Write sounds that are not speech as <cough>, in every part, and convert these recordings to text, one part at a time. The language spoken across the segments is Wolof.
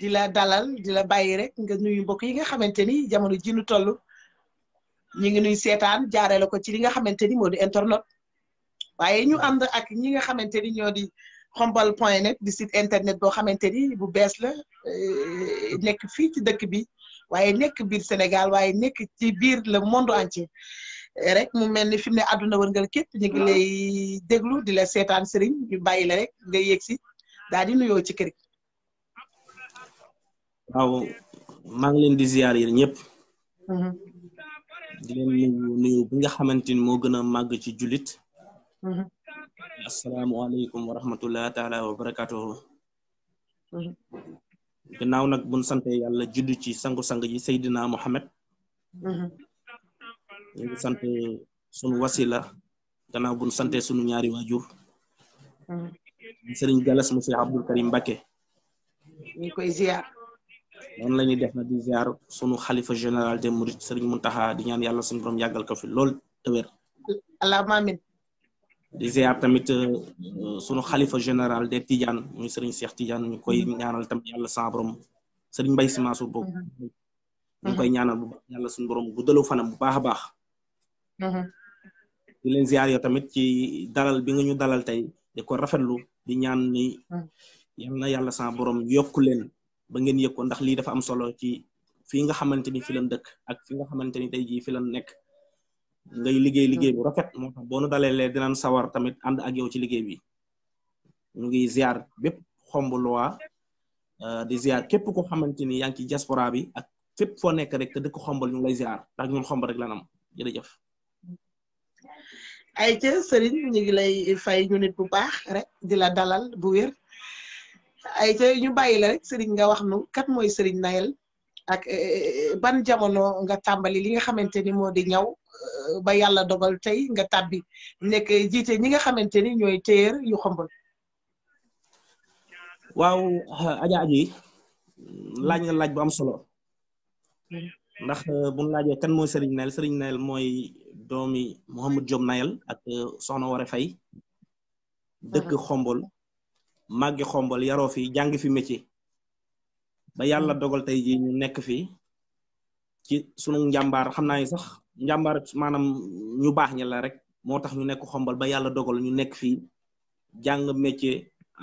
di la dalal di la bàyyi rek nga nuyu mbokk yi nga xamanteni ni jamono ji nu tollu ñi ngi nuy seetaan jaaree la ko ci li nga xamanteni modi di internet waaye ñu and ak ñi nga xamanteni ñoo di xombal point net di site internet bo xamanteni bu bees la eh, nek fi ci dëkk bi senegal nek biir Sénégal nek ci biir le monde entier rek mu melni fi mu ne àdduna wërngal képp ñi ngi lay déglu di la sëriñ ñu rek nga di nuyoo ci kër gi waaw maa leen di ziar yéen ñëpp. Mm-hmm. di leen nuyu nuyu bi nga xamante ni moo gën a màgg ci jullit. Mm-hmm. asalaamualeykum wa rahmatulah taala wa barakatuhu. Mm-hmm. gannaaw nag buñ sant yàlla jullit ci sangu-sang ji Seydina Mohamed. ñu ngi sant sunu wasila gannaaw buñ sante sunu ñaari waajur. Serigne Gallas mu Cheikh Abdul Karim Mbacké. ñu koy ziar. noonu la ñuy def na di ziar sunu xalifa général des mourides sëriñ Muntaxa di ñaan yàlla suñu borom yàggal ko fi lool te wér. allahumma amin. di tamit euh, sunu xalifa général de Tidiane muy sëriñ seex Tidiane ñu koy ñaanal tamit yàlla sa borom sëriñ Mbaye Sy boobu. Mhm. ñu koy ñaanal bu baax yàlla suñu borom guddalu fanam bu baax a baax. Mhm. di leen ziar yow tamit ci dalal bi nga ñu dalal tey di ko rafetlu di ñaan ni. Mhm. yal yokk leen. ba ngeen yëg ko ndax lii dafa am solo ci fi nga xamante ni fi lan dëkk ak fi nga xamante ni tey jii fi lan nekk ngay liggéey liggéey bu rafet moo tax boo nu dalelee dinañ sawar tamit ànd ak yow ci liggéey bi ñu ngi ziar bépp xomb loi euh, di ziar képp ko xamante ni yaa ci diaspora bi ak fépp foo nekk rek te dëkk xombal ñu lay ziar ndax ñun xomb rek lan am jërëjëf ay ca sëriñ ñu ngi lay fay ñu nit bu baax rek di la dalal bu wér ay ca ñu bàyyi la rek Serigne nga wax nu kat mooy Serigne Nayel ak eh, eh, ban jamono nga tàmbali li nga xamante ni moo di ñaw eh, ba yàlla dogal tey nga tàbbi nekk jiite ñi nga xamante ni ñooy téer yu xombal waaw aja aju yi laaj nga am solo ndax bu ñu laajee kan mooy Serigne Nayel Serigne Nayel mooy doomi Mouhamadou Diop ak sono Waré Faye dëkk xombol magi xombal yaro fi jang fi metti ba yalla hmm. dogal tay ji ñu nek fi ci sunu njambar xamna nyubah ni sax njambar manam ñu bax ñi la rek motax ñu nek xombal ba yalla dogal ñu nek fi jang metti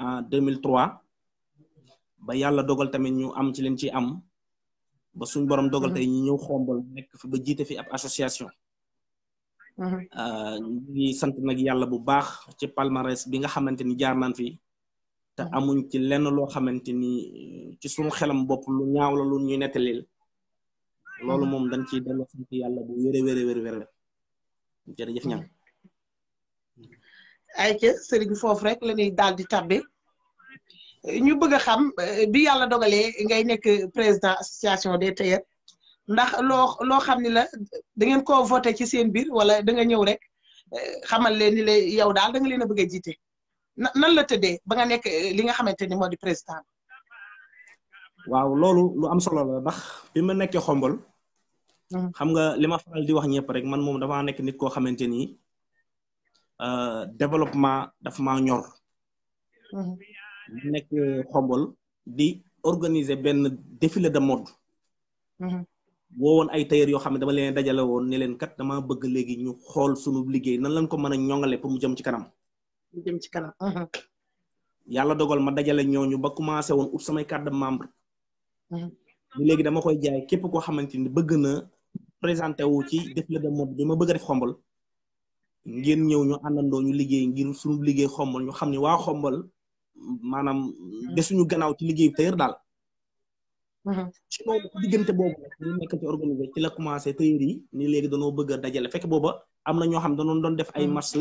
en 2003 ba yalla dogal tamit ñu am ci lim ci am ba suñ borom dogal tay ñi ñew xombal nek fi ba jité fi ab association hmm. ah, ñu di sant nak yalla bu baax ci palmarès bi nga xamanteni jaar fi te mm-hmm. amuñ ci lenn loo xamante ni ci suñu xelam bopp lu ñaaw la lu ñuy nettalil loolu mm-hmm. moom dañ ciy dellu sant yàlla bu wéré wéré wéré wéré jërëjëf ñam mm-hmm. ay ca sëriñ foofu rek la ñuy daal di tabbi ñu bëgg a xam eh, bi yàlla dogalee ngay nekk président association des tailleurs ndax loo loo xam ni la da ngeen koo voté ci seen biir wala da nga ñëw rek eh, xamal leen ni la yow daal da nga leen a bëgg a jiite nan la tëddee ba nga nekk eh, li nga xamante ni moo di président waaw loolu lu am solo la ndax bi ma nekkee xombol mm. xam nga li ma faral di wax ñëpp rek man moom dama nekk nit koo xamante ni euh, développement dafa maa ñor mm-hmm. nekk xombol di organiser benn défilé de mode mm-hmm. woowoon ay tailleur yoo xam ne dama leen dajale woon ne leen kat dama bëgg léegi ñu xool sunu liggéey nan lañ ko mën a pour mu jëm ci kanam ñu jëm ci kanam. Mhm. yàlla dogal ma dajale ñu ba commencé woon ut samay carte membre. Mhm. ni léegi dama koy jaay képp koo xamante ni bëgg na présenté wu ci def de mode bi ma bëgg a def xombal. ngeen ñëw ñu àndandoo ñu liggéey ngir suñu liggéey xombal ñu xam ni waa xombal maanaam mhm. desuñu gannaaw ci liggéey tëyër daal. ci loolu diggante boobu ñu nekk ci ci la commencé tëyër yi ni léegi danoo bëgg dajale fekk booba am na ñoo xam ne danoon doon def ay marché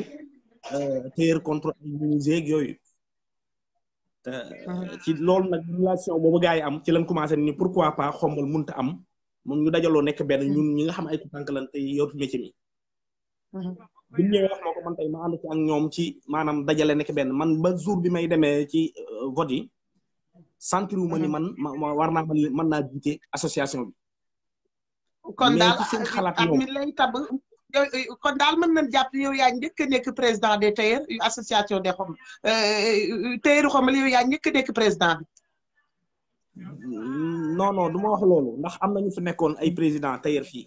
Euh, tailleur contre ay menuisier yooyu. Mhm. ci loolu nag relation boobu gars yi am ci lañ commencé ni pourquoi pas xombal mun ta am moom ñu dajaloo nekk benn mhm. ñun ñi nga xam ay tànk lan tey yor métier mi. Mhm. bi ñu ñëwee ko man tey ma ànd ci ak ñoom ci maanaam dajale nekk benn man ba jour bi may demee ci euh, vote yi. sentir wu ma ni man ma war naa mën naa jiite association bi. kon daal seen xalaat ñoom kon daal mën na jàpp yow yaa njëkk nekk président des tailleurs association des xom euh, euh, tailleurs xomal yow yaa njëkk a nekk président bi non non du ma wax loolu ndax am na ñu nekkoon ay président tailleur fii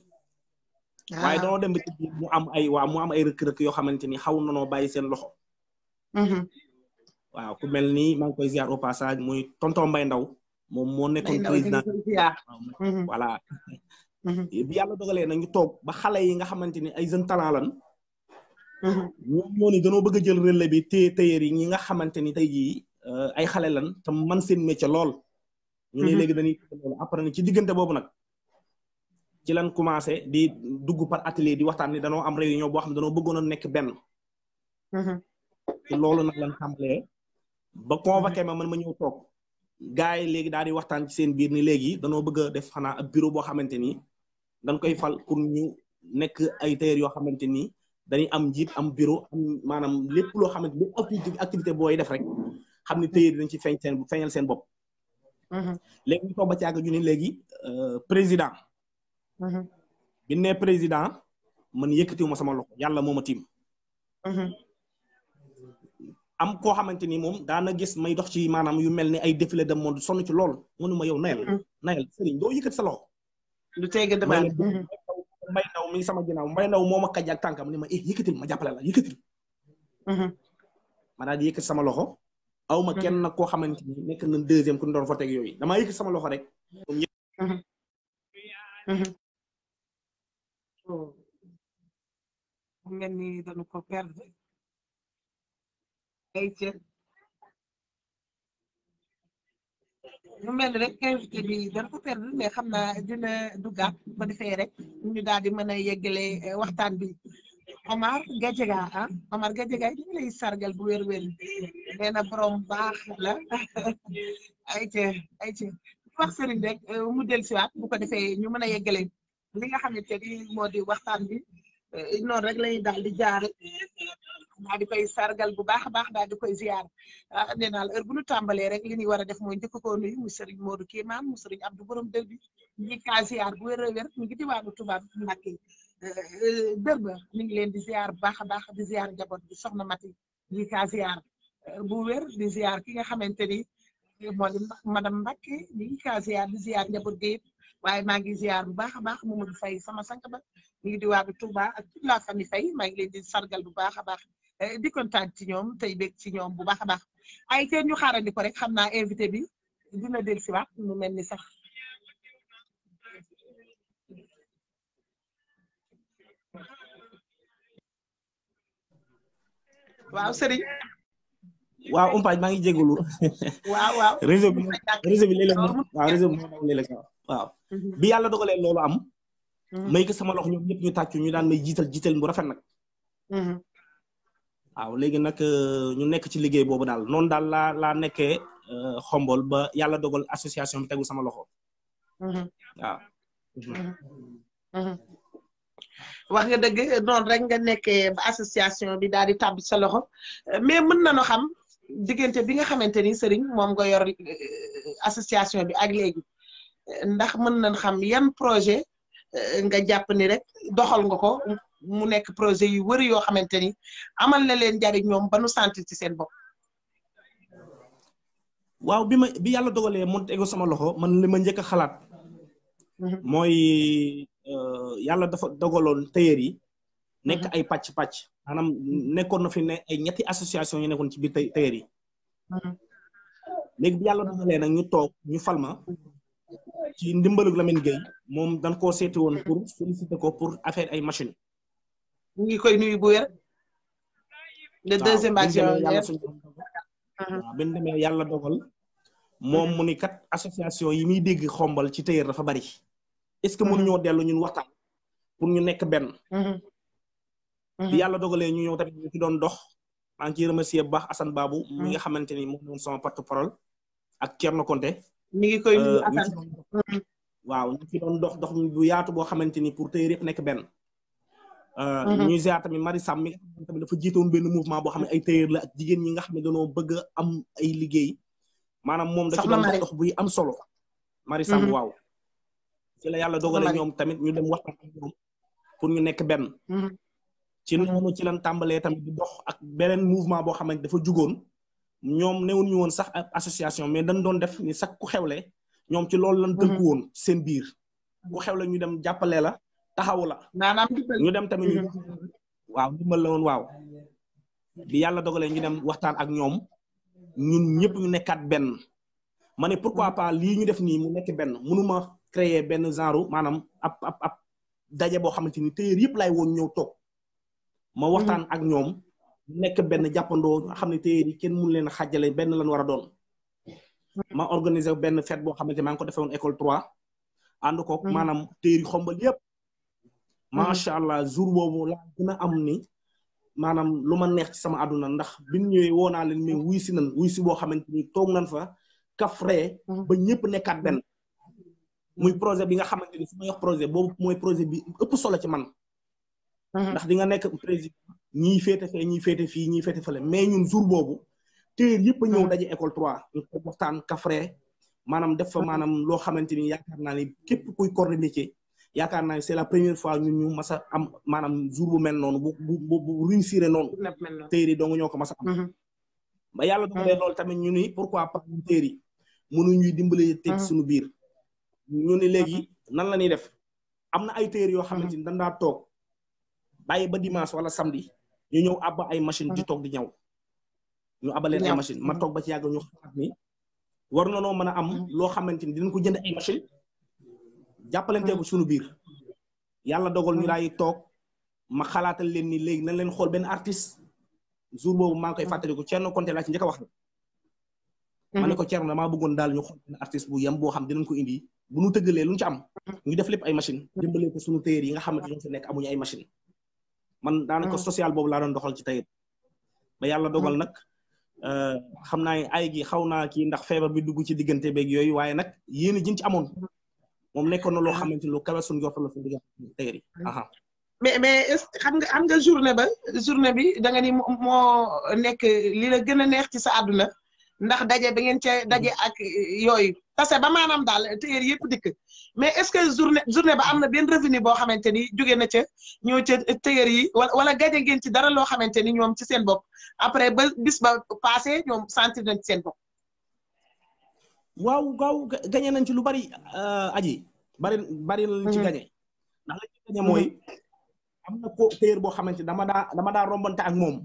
ah. waaye danoo dem ba ci mu am ay waa mu am ay rëkk-rëkk yoo xamante ni xaw nanoo bàyyi seen loxo mm-hmm. waaw ku mel ni maa ngi koy ziar au passage muy tonton Mbay Ndaw moom moo nekkoon président mm-hmm. voilà Mm-hmm. bi yàlla dogalee nag ñu toog ba xale yi nga xamante ni ay jeune talent lan mm-hmm. ñoom ñoo ni dañoo bëgg a jël relé bi téye téyeer yi ñi nga xamante ni tey jii euh, ay xale lan te man seen métier lool ñu ne mm-hmm. léegi dañuy loolu après ni ci diggante boobu nag ci lan commencé di dugg par atelier di waxtaan ni danoo am réunion boo xam ne danoo bëggoon a nekk benn loolu nag lan tàmbalee ba convoqué ma man ma ñëw toog gars yi léegi daal di waxtaan ci seen biir ni léegi danoo bëgg a def xanaa ab bureau boo xamante ni dañ koy fal pour ñu nekk ay tailleurs yoo xamante ni dañuy am njiit am bureau am maanaam lépp loo xamante ni activité activité booy def rek xam ne tailleur dañ ci feeñ seen feeñal seen bopp. Mm-hmm. léegi ñu ba ci àgg ñu ne léegi euh, président. Mm-hmm. bi ne président man yëkkatiwuma sama loxo yàlla moo ma tiim. Mm-hmm. am koo xamante ni moom daana gis may dox ci maanaam yu mel ni ay défilé de mode sonn ci lool mënuma yow nayal nayal sëriñ doo yëkkat sa loxo. lu teegee damaa ne mbay ndaw mi sama ginnaaw mbay moo ma kàjj ak tànkam ni ma eh yëkkatil ma jàppale la mhm. ma daal di sama loxo. aw ma mhm. kenn nag koo xamante ni nekk na deuxième ku ñu doon voté yooyu damaa yëkkati sama loxo rek. Mhm. Oh. ngeen ni dañu ko perdre ay cër mu mel ni rek invité bi dana ko perdre mais xam naa dina duggaat bu ko defee rek ñu daal di mën a yeggale eh, waxtaan bi Omar Gadiaga ah Omar Gadiaga ñu ngi lay sargal bu wér-wér nee na borom baax la <laughs> ayca ayca wax sëriñ rek eh, mu dellusiwaat bu ko defee ñu mën a yeggale li nga xam ni moo di waxtaan bi eh, noonu rek lañuy daal di jaare daal di koy sargal bu baax a baax daal di koy ziar ah nee naa la bu ñu tàmbalee rek li ñuy war a def mooy njëkk koo nuyu mu sëriñ Modou Kéemaan mu sëriñ Abdou Borom dër bi ñi kaa ziar bu wér a wér ñu ngi diwaanu Tuubaa Mbàkke eh, dër ba mi ngi leen di ziar bu baax a baax di ziar njaboot bi soxna Mati ñi kaa bu wér di ziar ki nga xamante ni moo di madame Mbàkke ñi ngi kaa ziar di ziar njaboot gi yëpp waaye maa ngi ziar bu baax a baax Mamadou fay sama sank ba ñu ngi diwaanu Tuubaa ak toute la famille Faye maa ngi leen di sargal bu baax a baax Eh, di kontaan ci ñoom tey bég ci ñoom bu baax a baax ay teen ñu xaarandi ko rek xam naa invité bi dina del si waat mu mel ni sax waaw sëriñ waaw umpaañ maa ngi jégalu waaw waw réseau bi réseau bi léeg-léeg waaw réseau bi léeg-léeg waaw mhm. bi yàlla dogalee loolu am mhm. may ko sama loxo ñoom ñëpp ñu tàccu ñu daan may jiital jiital bu rafet nag mhm. waaw léegi nag euh, ñu nekk ci liggéey boobu daal noonu daal laa laa nekkee euh, xombool ba yàlla dogal association bi tegu sama loxo. Mm-hmm. waaw. Mm-hmm. Mm-hmm. wax nga dëgg noonu rek nga nekkee association bi daal di tàbbi sa loxo mais mën nañu xam diggante bi nga xamante ni sëriñ moom nga yor euh, association bi ak léegi ndax mën na xam yan projet nga jàpp ni rek doxal nga ko mu nekk projet yu wër yoo xamante ni amal na leen njariñ ñoom ba nu sentir ci seen bopp. waaw bi ma bi yàlla dogalee mu tegu sama loxo man li ma njëkk a xalaat. Mhm. mooy euh, yàlla dafa dogaloon tailleur yi. nekk mhm. ay pàcc pàcc. maanaam nekkoon na fi ne ay ñetti association yu nekkoon ci biir tailleur yi. Mhm. léegi bi yàlla dogalee nag ñu toog ñu falma ci ndimbalu Lamine Gueye moom dan koo seeti woon pour solliciter ko pour affaire ay machine ñu ngi koy nuy bu wér. le deuxième action waaw bi ñu yàlla dogal. moom mu kat association yi muy dégg xombal ci tëyër dafa bari. est-ce que mënuñoo dellu ñun waxta pour ñu nekk benn. bi yàlla dogalee ñu ñëw tamit ñu ci doon dox. maa ngi ciy remercier bu baax Assane Babou. mi nga xamante ni moom moom sama porte parole. ak Thierno Conté. mi ngi koy nuyu euh, Assane. waaw ñu ci dox dox bu yaatu boo xamante ni pour tëyër yëpp nekk benn. Euh, mm-hmm. ñuy ziar tamit Marie Sam mi nga xam ne tamit dafa jiitoon benn mouvement boo xam ne ay tailleur la ak jigéen ñi nga xam ne dañoo am ay liggéey maanaam moom da ci doon dox buy am solo mari Sam mm-hmm. waaw ci la yàlla dogale ñoom tamit ñu dem waxtaan ak ñoom pour ñu nekk benn mm-hmm. ci noonu ci lan tàmbalee tamit dox ak beneen mouvement boo xam ne dafa jugoon ñoom newun woon sax association mais dañ doon def ni sax ku xewle ñoom ci lool la tënku woon seen biir ku xewle ñu dem jàppale taxawu la. naanaam ñu dem tamit ñu. Mhm. waaw ndimbal la woon waaw. bi yàlla dogalee ñu dem waxtaan ak ñoom ñun ñëpp ñu nekkaat benn. ma ne pourquoi mhm. pas lii ñu def nii mu nekk benn mënuma créer benn genre maanaam ab daje boo xamante ni téyeer yëpp laay woon ñëw toog. ma mhm. waxtaan ak ñoom. nekk benn jàppandoo nga xam ne téyeer kenn mun leen a xàjjale benn lan war a doon. ma organiser benn fête boo xamante maa ngi ko defee école 3. ànd ko maanaam téeri xombal yëpp Mm-hmm. macha allah jour boobu laa gën a am ni maanaam lu ma neex sama àdduna ndax bi mu ñëwee woo naa leen mais wuy si nan wuy si boo xamante ni toog nan fa kafree mm-hmm. ba ñëpp nekkaat benn muy projet bi nga xamante ni projet boobu mooy projet bi ëpp solo ci man mm-hmm. ndax di nga nekk président ñii féete fee ñii féete fii ñii féete fale mais ñun jour boobu téer yëpp a ñëw daje école trois ñu ko waxtaan kafree maanaam def fa maanaam loo xamante ni yaakaar naa ni képp kuy corps de yaakaar naa c'est la première fois ñun ñu masa am maanaam jour bu mel noonu bu bu bu réussir noonu. téere dong ñoo ko mas a am. Mm-hmm. ba yàlla dogalee loolu tamit ñu ni pourquoi pas ñun téere yi mënuñuy dimbali teg mm-hmm. suñu biir. ñu ni léegi mm-hmm. nan la ñuy def am na ay téere yoo xamante ni dañ daa toog bàyyi ba dimanche wala samedi ñu ñëw abba ay machine di toog di ñaw. ñu abaleen ay machine ma toog ba ci yàgg ñu xalaat ni war na noo mën a am loo xamante ni dinañ ko jënd ay machine Hmm. bu sunu biir yàlla dogal ñu hmm. toog ma xalaatal leen ni léegi nañ leen xool benn artiste jour boobu maa ngi koy hmm. fàttaliku Thierno Konté laa ci njëkk a wax na ma ne ko Thierno damaa bëggoon daal ñu xool benn artiste bu yem boo xam dinañ ko indi bu ñu tëggalee lu ñu ci am ñu def lépp ay machine dimbalee ko suñu téer yi nga xamante ñoo fi nekk amuñu ay machine man daanaka social boobu laa doon doxal ci tayër ba yàlla dogal nag euh, xam naa ay gi xaw naa kii ndax feebar bi dugg ci diggante beeg yooyu waaye nag yéen a ci amoon moom nekkoon na loo ah. xamante ni lu kawe suñu jot la suñu diggante ah. mais mais xam nga xam nga journée ba journée bi da nga ni moo nekk li na gën a neex ci sa àdduna ndax daje ba ngeen cee daje ak yooyu parce que ba maanaam daal téer yëpp dikk mais est-ce que journée journée ba am na benn revenu boo xamante ni jóge na ca ñëw ca téer yi wala wala gaje ngeen ci dara loo xamante ni ñoom ci seen bopp après ba bis ba passé ñoom sentir nañ ci seen bopp. waaw gaaw gagné nañ ci lu bari aji bari bari ci gagné ndax la ci gagné moy amna ko teer bo xamanteni dama da dama da rombonté ak mom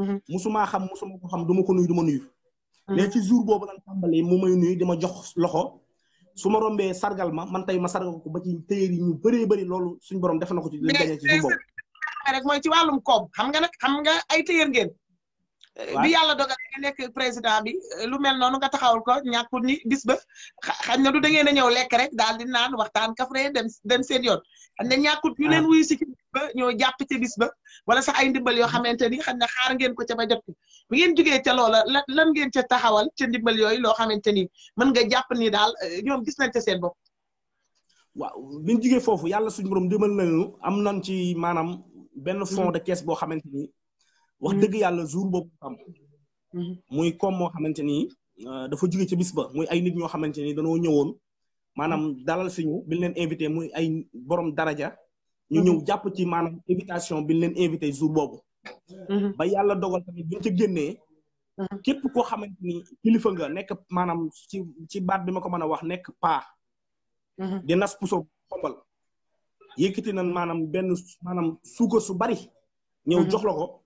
hmm. musuma xam musuma ko xam duma ko nuyu duma nuyu hmm. mais ci jour bobu lan tambalé mu may nuyu dima jox loxo suma rombé sargal ma man tay ma sargal ko ba ci teer yi ñu bari bari lolu suñu borom def na ko ci lañ gagné ci jour bobu rek moy ci walum kom xam nga nak xam nga ay teer ngeen bi yàlla dogal nekk président bi eh, lu mel noonu nga taxawal ko ñàkkul ni bis ba xañ na du da ngeen a ñëw lekk rek daal di naan waxtaan kafre dem den seen yoon. xam ne ñàkkul ñu leen ah. wuyu si ba ñoo jàpp ca bis ba wala sax ay ndimbal yoo xamante ni xam ne xaar ngeen ko ca ba jot ko ngeen jógee ca loola lan lan ca taxawal ca ndimbal yooyu loo xamante ni mën nga jàpp ni daal eh, ñoom gis nañ ca seen bopp. waaw bi ñu jógee foofu yàlla suñu borom dimbal nañu am nañ ci maanaam benn fond mm-hmm. de caisse boo xamante ni. wax hmm. dëgg yàlla jour boobu am hmm. muy comme moo xamante ni euh, dafa jóge ci bisba ba muy ay nit ñoo xamante ni danoo ñëwoon maanaam hmm. dalal suñu bi leen invité muy ay borom daraja ñu ñëw jàpp ci maanaam invitation bi leen invité jour boobu ba yàlla dogal tamit buñ ca képp koo xamante ni kilifa nga nekk maanaam ci ci baat bi ma ko mën a wax nekk paa di nas puso xombal yëkkati nan maanaam benn maanaam suukar su bari ñëw jox la ko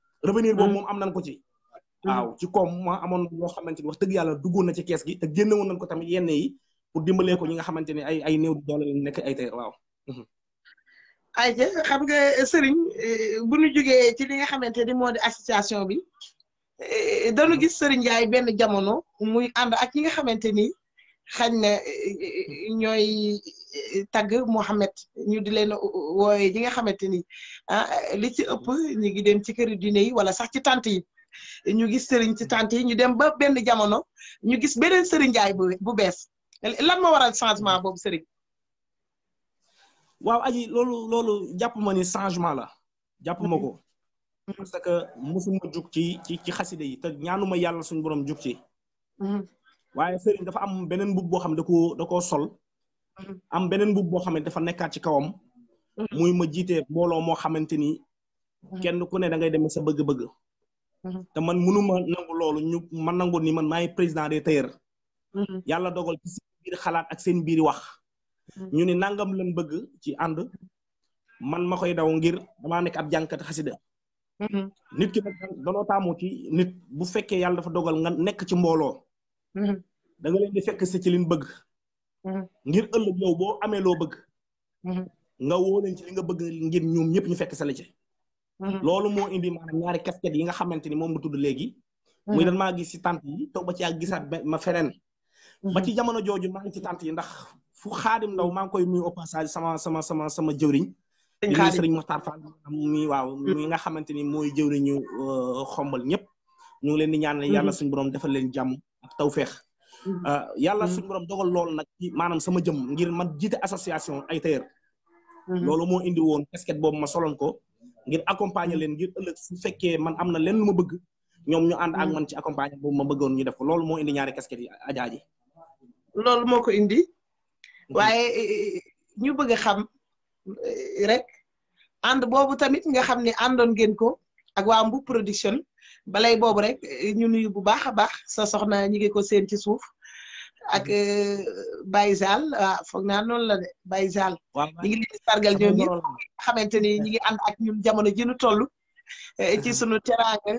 revenir bo hmm. moom am nañ ko ci. Hmm. waaw ci koom ma amoon loo xamante ni wax dëgg yàlla duggoon na ci kees gi te génne woon nañ ko tamit yenn yi pour dimbalee ko ñi nga xamante ni ay ay néew doole la nekk ay tey waaw. Hmm. ayca xam nga eh, Serigne eh, bu ñu jógee ci li nga xamante ni moo di association bi eh, dañu gis Serigne Ndiaye benn jamono muy ànd ak ñi nga xamante xañ na ñooy tagg Mouhamed ñu di leen wooye ñi nga xamante ni ah li ci ëpp ñu ngi dem ci këri diine yi wala sax ci tant yi ñu gis sëriñ ci tant yi ñu dem ba benn jamono ñu gis beneen sëriñ jaay bu bu bees lan ma waral changement boobu sëriñ waaw aji loolu loolu jàpp ma ni changement la jàpp ma ko mm-hmm. parce que mosuma jug ci ci ci xaside yi te ñaanuma yàlla suñu borom jug ci mm-hmm. waaye sëriñ dafa am beneen mbubb boo xam da koo da koo sol mhm. am beneen mbubb boo xam dafa nekkaat ci kawam mhm. muy ma jiite mbooloo moo xamante ni mhm. kenn ku ne da ngay dem sa bëgg-bëgg te man mënuma nangu loolu ñu man nangu ni man maay président des tailleurs yàlla dogal ci seen biir xalaat ak seen biir wax ñu ni nangam lañ bëgg ci ànd man ma koy daw ngir dama nekk ab jànkat xasida nit ki nag danoo taamu ci nit bu fekkee yàlla dafa dogal nga nekk ci mbooloo Mhm. da nga leen di fekk si ci liñ bëgg. Mhm. ngir ëllëg yow boo amee loo bëgg. Mhm. nga woo leen nga bëgg ngir ñoom ñëpp ñu fekk sa ci. loolu moo indi maanaam ñaari casquette yi nga xamante ni moom nga tudd léegi. muy dan maa gis si tànt yi toog ba ci ak gisaat ma fereen ba ci jamono jooju maa ngi ci tànt yi ndax fu xaadim ndaw maa ngi koy muy au passage sama sama sama sama jëwriñ. sëñ Xaadim Sëriñ Moxtaar waaw mi nga xamante ni mooy jëwriñu euh, xombal ñëpp. ñu ngi leen di ñaanal mhm. yàlla suñu borom defal leen jàmm ak tawféex mhm. ah, yàlla mhm. suñu borom dogal lool nag ci maanaam sama jëm ngir man jiite association ay tailleur loolu moo indi woon casquette boobu ma solon ko ngir accompagner leen ngir ëllëg su fekkee man am na leen lu ma bëgg ñoom ñu ànd ak man ci accompagner boobu ma bëggoon ñu def ko loolu moo indi ñaari casquette yi ajaaji loolu moo ko indi waaye eh, eh, ñu bëgg xam eh, rek ànd boobu tamit nga xam ne àndoon ngeen ko ak waa Mbour production balay boobu rek eh, ñu nuyu bu baax a baax sa soxna ñi ngi ko seen ci suuf ak mm. eh, Baye Zal waaw ah, noonu la de Baye Zal. ñi leen sargal ñoom xamante ni ñi ngi ànd ak ñun jamono ji nu toll. Eh, ci mm-hmm. sunu teraanga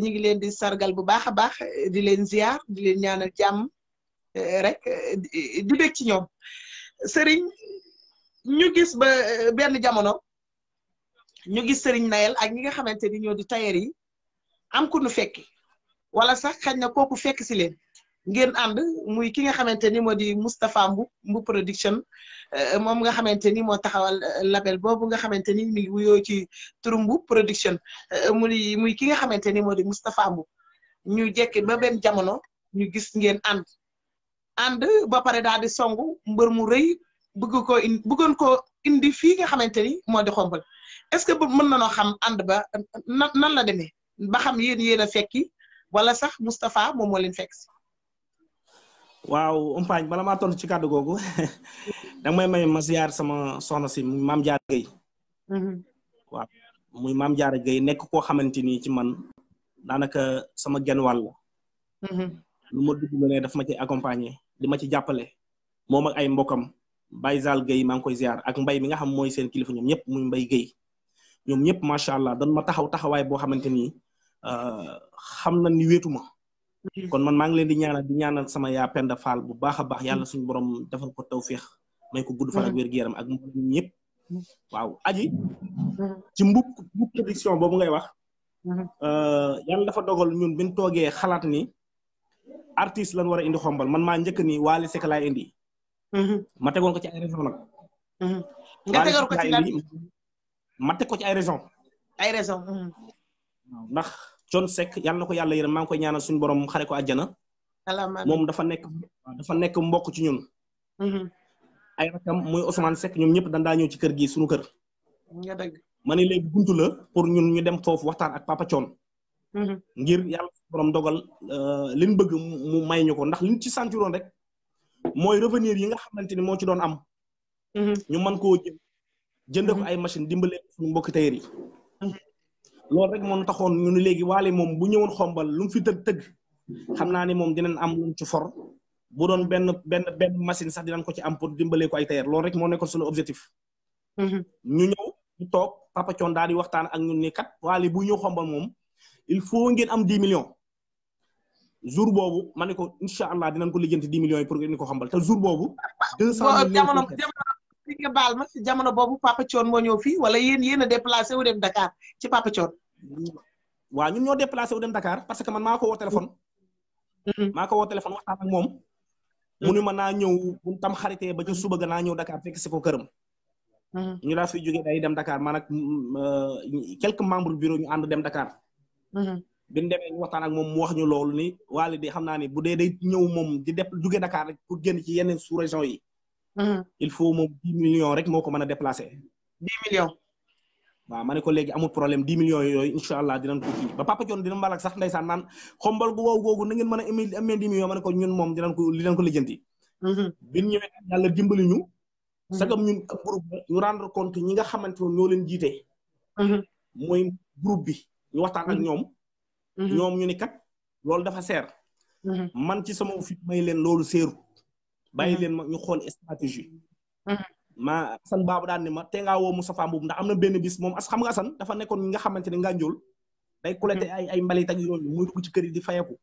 ñi ngi leen di sargal bu baax a baax di leen ziar di leen ñaanal jàmm rek di ci ñoom Serigne ñu gis ba benn jamono ñu gis Serigne Nayel ak ñi nga xamante ni ñoo di tailleur yi. am ku nu fekki wala sax xañ na kooku fekk si leen ngeen ànd muy ki nga xamante ni moo di Moustapha Mboup Mboup production euh, moom nga xamante ni moo taxawal euh, label boobu nga xamante ni mi ngi wuyoo ci turu production euh, muy muy ki nga xamante ni moo di Moustapha Mboup ñu jekki ba benn jamono ñu gis ngeen ànd ànd ba pare daal di songu mbër mu rëy bëgg koo in bëggoon koo indi fii nga xamante ni moo di xombal est-ce que mën na noo xam ànd ba nan la demee. ba xam yéen yéen a fekki wala sax mustapha moom moo leen fekk si. waaw Umpaañ bala maa tontu ci kàddu googu <laughs> danga may may ma ziar sama soxna si maam Diarra Gueye. Mm-hmm. waaw muy maam Diarra Gueye nekk koo xamante ni ci man daanaka sama genn wàll. Mm-hmm. lu ma dugg ne daf ma ci accompagner di ma ci jàppale moom ay mbokkam Baye Zal Gueye maa ngi koy ziar ak mbay mi nga xam mooy seen kilifa ñoom ñëpp muy mbay Gueye. ñoom ma sha allah dañ ma taxaw taxaway bo xamanteni euh xam ni wéetuma mm-hmm. kon man ma ngi leen di ñaanal di ñaanal sama ya Penda fal bu baaxa baax mm-hmm. yalla suñu borom defal ko tawféex may ko gudd fan ak mm-hmm. wër gi yaram ak waaw aji ci mbuk mbub prediction bobu ngay wax euh, yalla dafa dogal ñun biñ toogee xalaat ni artiste lan wara indi xombal man ma ñëk ni walé sek indi ma tegoon ko ci ay raison nga ko ma teg ko ci ay raison ay raison hmm. ndax John Seck yàlla na ko yàlla yërëm maa koy ñaana suñu borom xare ko àjjana. moom dafa nekk dafa nekk mbokk ci ñun. Hmm. ay rakam muy Ousmane sekk ñoom ñëpp dandaa ñëw ci kër gi suñu kër. nga dëgg ma ni léegi buntu la pour ñun ñu dem foofu waxtaan ak Papa Thion. Hmm. ngir yàlla suñu borom dogal euh, li ñu bëgg mu may ñu ko ndax li ci sentiroon rek mooy revenir yi nga xamante ni moo ci doon am. ñu mën koo jënd ko mhm. ay machine dimbale suñu mbokki tailleur yi loolu rek moo taxoon ñu ne léegi waale moom bu ñëwoon xombal lu mu fi tëgg tëgg xam naa ne moom dinañ am lu mu ci for bu doon benn benn benn machine sax dinañ ko ci am pour dimbale ko ay tailleur loolu rek moo nekkoon suñu objectif mhm. ñu ñëw ñu toog Papa Thion daal di waxtaan ak ñun ni kat waale bu ñëw xombal moom il faut ngeen am 10 million jour boobu ma ne ko incha allah dinañ ko lijjanti 10 millions yi pour ngeen ko xombal te jour boobu. 200 millions di nga baal ma si jamono boobu Papa Thion moo ñëw fii wala yéen yéen a déplacé wu dem Dakar ci Papa Thion. waaw ñun ñoo déplacé wu dem Dakar parce que man maa ko woo téléphone. Mm-hmm. maa ko woo téléphone waxtaan ak moom. mu ne ma naa bu tam xaritee ba ca suba ga naa ñëw Dakar fekk si ko këram. Mm-hmm. ñu laa fi jógee day dem Dakar man ak mm, euh, quelques membres bureau ñu ànd dem Dakar. Mm-hmm. biñ demee ñu waxtaan ak moom mu wax ñu loolu ni waale di ni bu dee day ñëw moom di def jóge Dakar pour génn ci yeneen sous région yi. Mhm. il faut moom dix millions rek moo ko mën a déplacer. dix millions. waaw ma ne ko léegi amul problème dix millions yooyu incha allah dinañ ko kii ba papa John dina mbalak sax ndeysaan naan xombal gu wow googu na ngeen mën a amee amee dix millions ma ne ko ñun moom dinañ ko dinañ ko lijjanti. Mhm. bi ñu ñëwee dimbali ñu. Mhm. sagam ñun ab groupe ñu rendre compte ñi nga xamante ne ñoo leen jiite. mooy groupe bi ñu waxtaan ak ñoom. ñoom ñu ni kat loolu dafa seer. man ci sama fit may leen loolu seeru. bàyyi mhm. leen ma ñu xool stratégie. Mhm. ma Assane Babou daan ne ma te ngaa woo Moustapha Mbuub ndax am na benn bis moom xam nga Assane dafa nekkoon nga xamante ne Ngànjool day collecté mhm. ay ay mbalit ak yooyu muy dugg ci kër yi di fayeku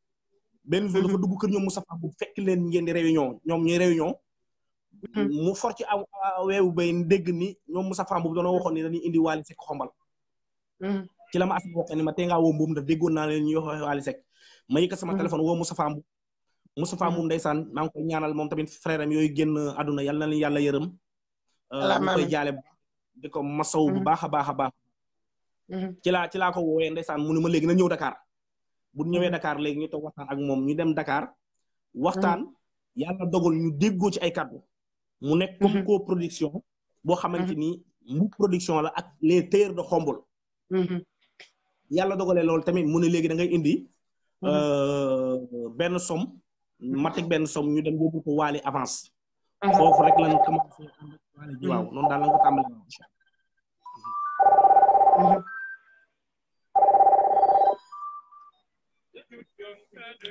benn jour dafa dugg kër ñoom Moustapha Mbuub fekk leen ngeen di réunion ñoom ñuy réunion mu for ci aw weewu bay dégg ni ñoom Moustapha Mbuub doona waxoon ni dañuy indi Wally Seck xombal ci la ma Assane waxee ni ma naa leen ñuy wax Wally Seck ma yëkkat sama téléphone woo Moustapha Mbuub Moustapha hmm. Mboum ndeysaan maa koy ñaanal moom tamit frère am yooyu génn àdduna yal na leen yàlla yërëm. ñu euh, koy jaale di ko masaw bu hmm. baax a baax a baax. Hmm. ci laa ci laa ko woowee ndeysaan mu ne ma léegi na ñëw dakaar bu ñëwee Dakar léegi ñu toog waxtaan ak moom ñu dem Dakar. waxtaan yàlla dogal ñu déggoo ci ay kàddu. mu nekk comme coproduction. boo xamante ni mu production la ak les terres de Khombole. yàlla dogalee loolu tamit mu ne léegi da ngay indi. Euh, benn somme ma teg benn somme ñu dem yóbbu ko waale avance. Ah. foofu rek lañ commencé ànd ak daal lañ ko tàmbalee incha allah. Mhm.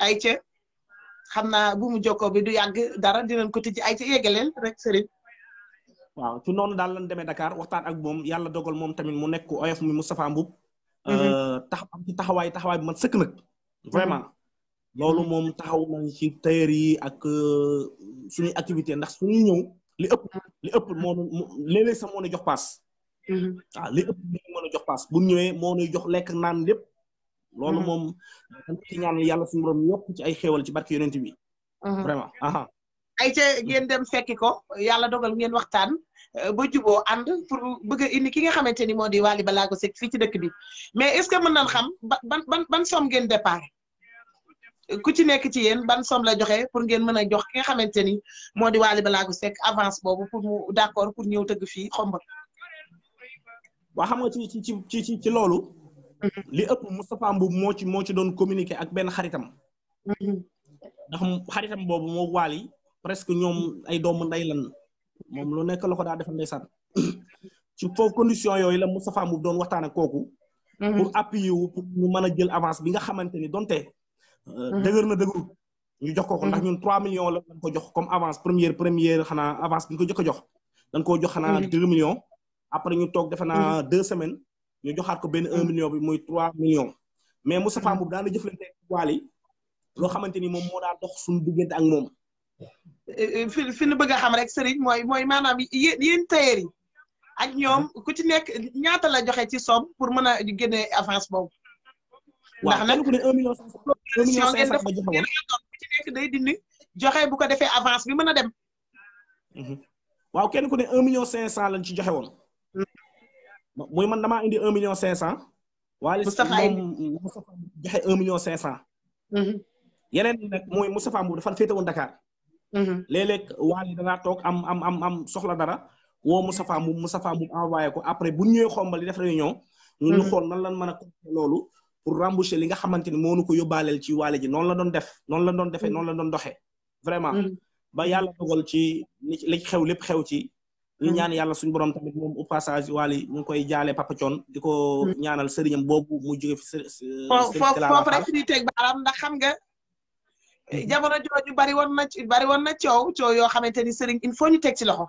ayca xam naa bu mu jokkoo bi du yàgg dara dinañ ko tijji ayca yeggaleel rek sëriñ. waaw ci noonu daal lañ demee Dakar waxtaan ak moom yàlla dogal moom tamit mu nekk oyof mi Moustapha Mboub. Mhm. Euh, tax taxawaay taxawaay bi man sëkk mhm. vraiment. loolu hmm. mom taxaw nañ ci tailleur yi ak suñu activité ndax suñu ñew li ëpp ah. li ëpp mo lélé sa mo moo ne jox pass hmm. ah li ëpp li mëna jox pass bu ñewé mo nuy jox lek naan lepp loolu mom hmm. ci ñaan yalla suñu borom ñop ci ay xéewal ci barké yonent bi vraiment aha ay ca ngeen dem fekki ko yalla dogal ngeen waxtaan euh, ba juboo and pour bëgg indi ki nga xamanteni modi wali di sek fi ci dëkk bi mais est ce que mën nañ xam ban ban ban somme ngeen départ ku ci nekk ci yéen ban som la joxe pour ngeen mën a jox ki nga xamante ni moo di Wally sek Seck avance boobu pour mu d'accord pour ñëw tëgg fii xomba waa xam nga ci ci ci ci ci loolu mm-hmm. li ëpp Moustapha Mboub moo ci moo ci doon communiquer ak benn xaritam mm-hmm. ndax xaritam boobu moo Wally presque ñoom ay doomu ndey lan moom lu nekk la ko daa defal ndeysaan <coughs> ci foofu condition yooyu la Moustapha Mboub doon waxtaan ak kooku mm-hmm. pour appuyer wu pour ñu jël avance bi nga xamante ni donte Euh, mhm. dëgër na dëgërul ñu jox ko ndax mhm. ñun 3 millions la dañ ko jox comme avance première première xana avance bi ñu ko jëkk a jox dañ koo jox xanaa 2 mhm. millions après ñu toog defe naa deux semaines ñu joxaat ko benn 1 million bi muy 3 millions mais Moustapha Mboup daana jëflante waal loo xamante ni moom moo daan dox suñu diggante ak moom eh, eh, fi fi nu bëgg a xam rek Serigne mooy mooy maanaam yéen yéen tailleur yi ak ñoom ku ci nekk ñaata la joxe ci somme pour mën a génne avance boobu. ndax émission ngeen def ku day dindi joxe bu ko defee avance bi mën a dem. Mhm. waaw kenn ku ne un million cinq cent lañ ci joxe woon. muy mm. man damaa indi un million cinq cent. waaye Moustapha moom Moustapha joxe un million cinq cent. Mhm. yeneen yi nag mooy Moustapha Mbour dafa féete woon Dakar. Mhm. léeg-léeg Wally danaa toog am am am am soxla dara woo mu Mbour Moustapha Mbour envoyé ko après bu ñëwee xombal li def réunion. ñu xool nan lan mën a loolu. pour rembourser li nga xamante ni moo nu ko yóbbaaleel ci waale ji la doon def noonu la doon defee mm. noonu la doon doxee vraiment mm. ba yàlla dogal ci li xew lépp xew ci ñu mm. ñaan yàlla suñu borom tamit moom au passage waali ñu koy jaale Papa Thion di ko ñaanal sëriñam boobu mu jóge fi foofu rek suñuy teg baaraam ndax xam nga mm-hmm. jamono jooju bari woon na bari woon na coow coow yoo xamante ni sëriñ il faut ñu teg ci loxo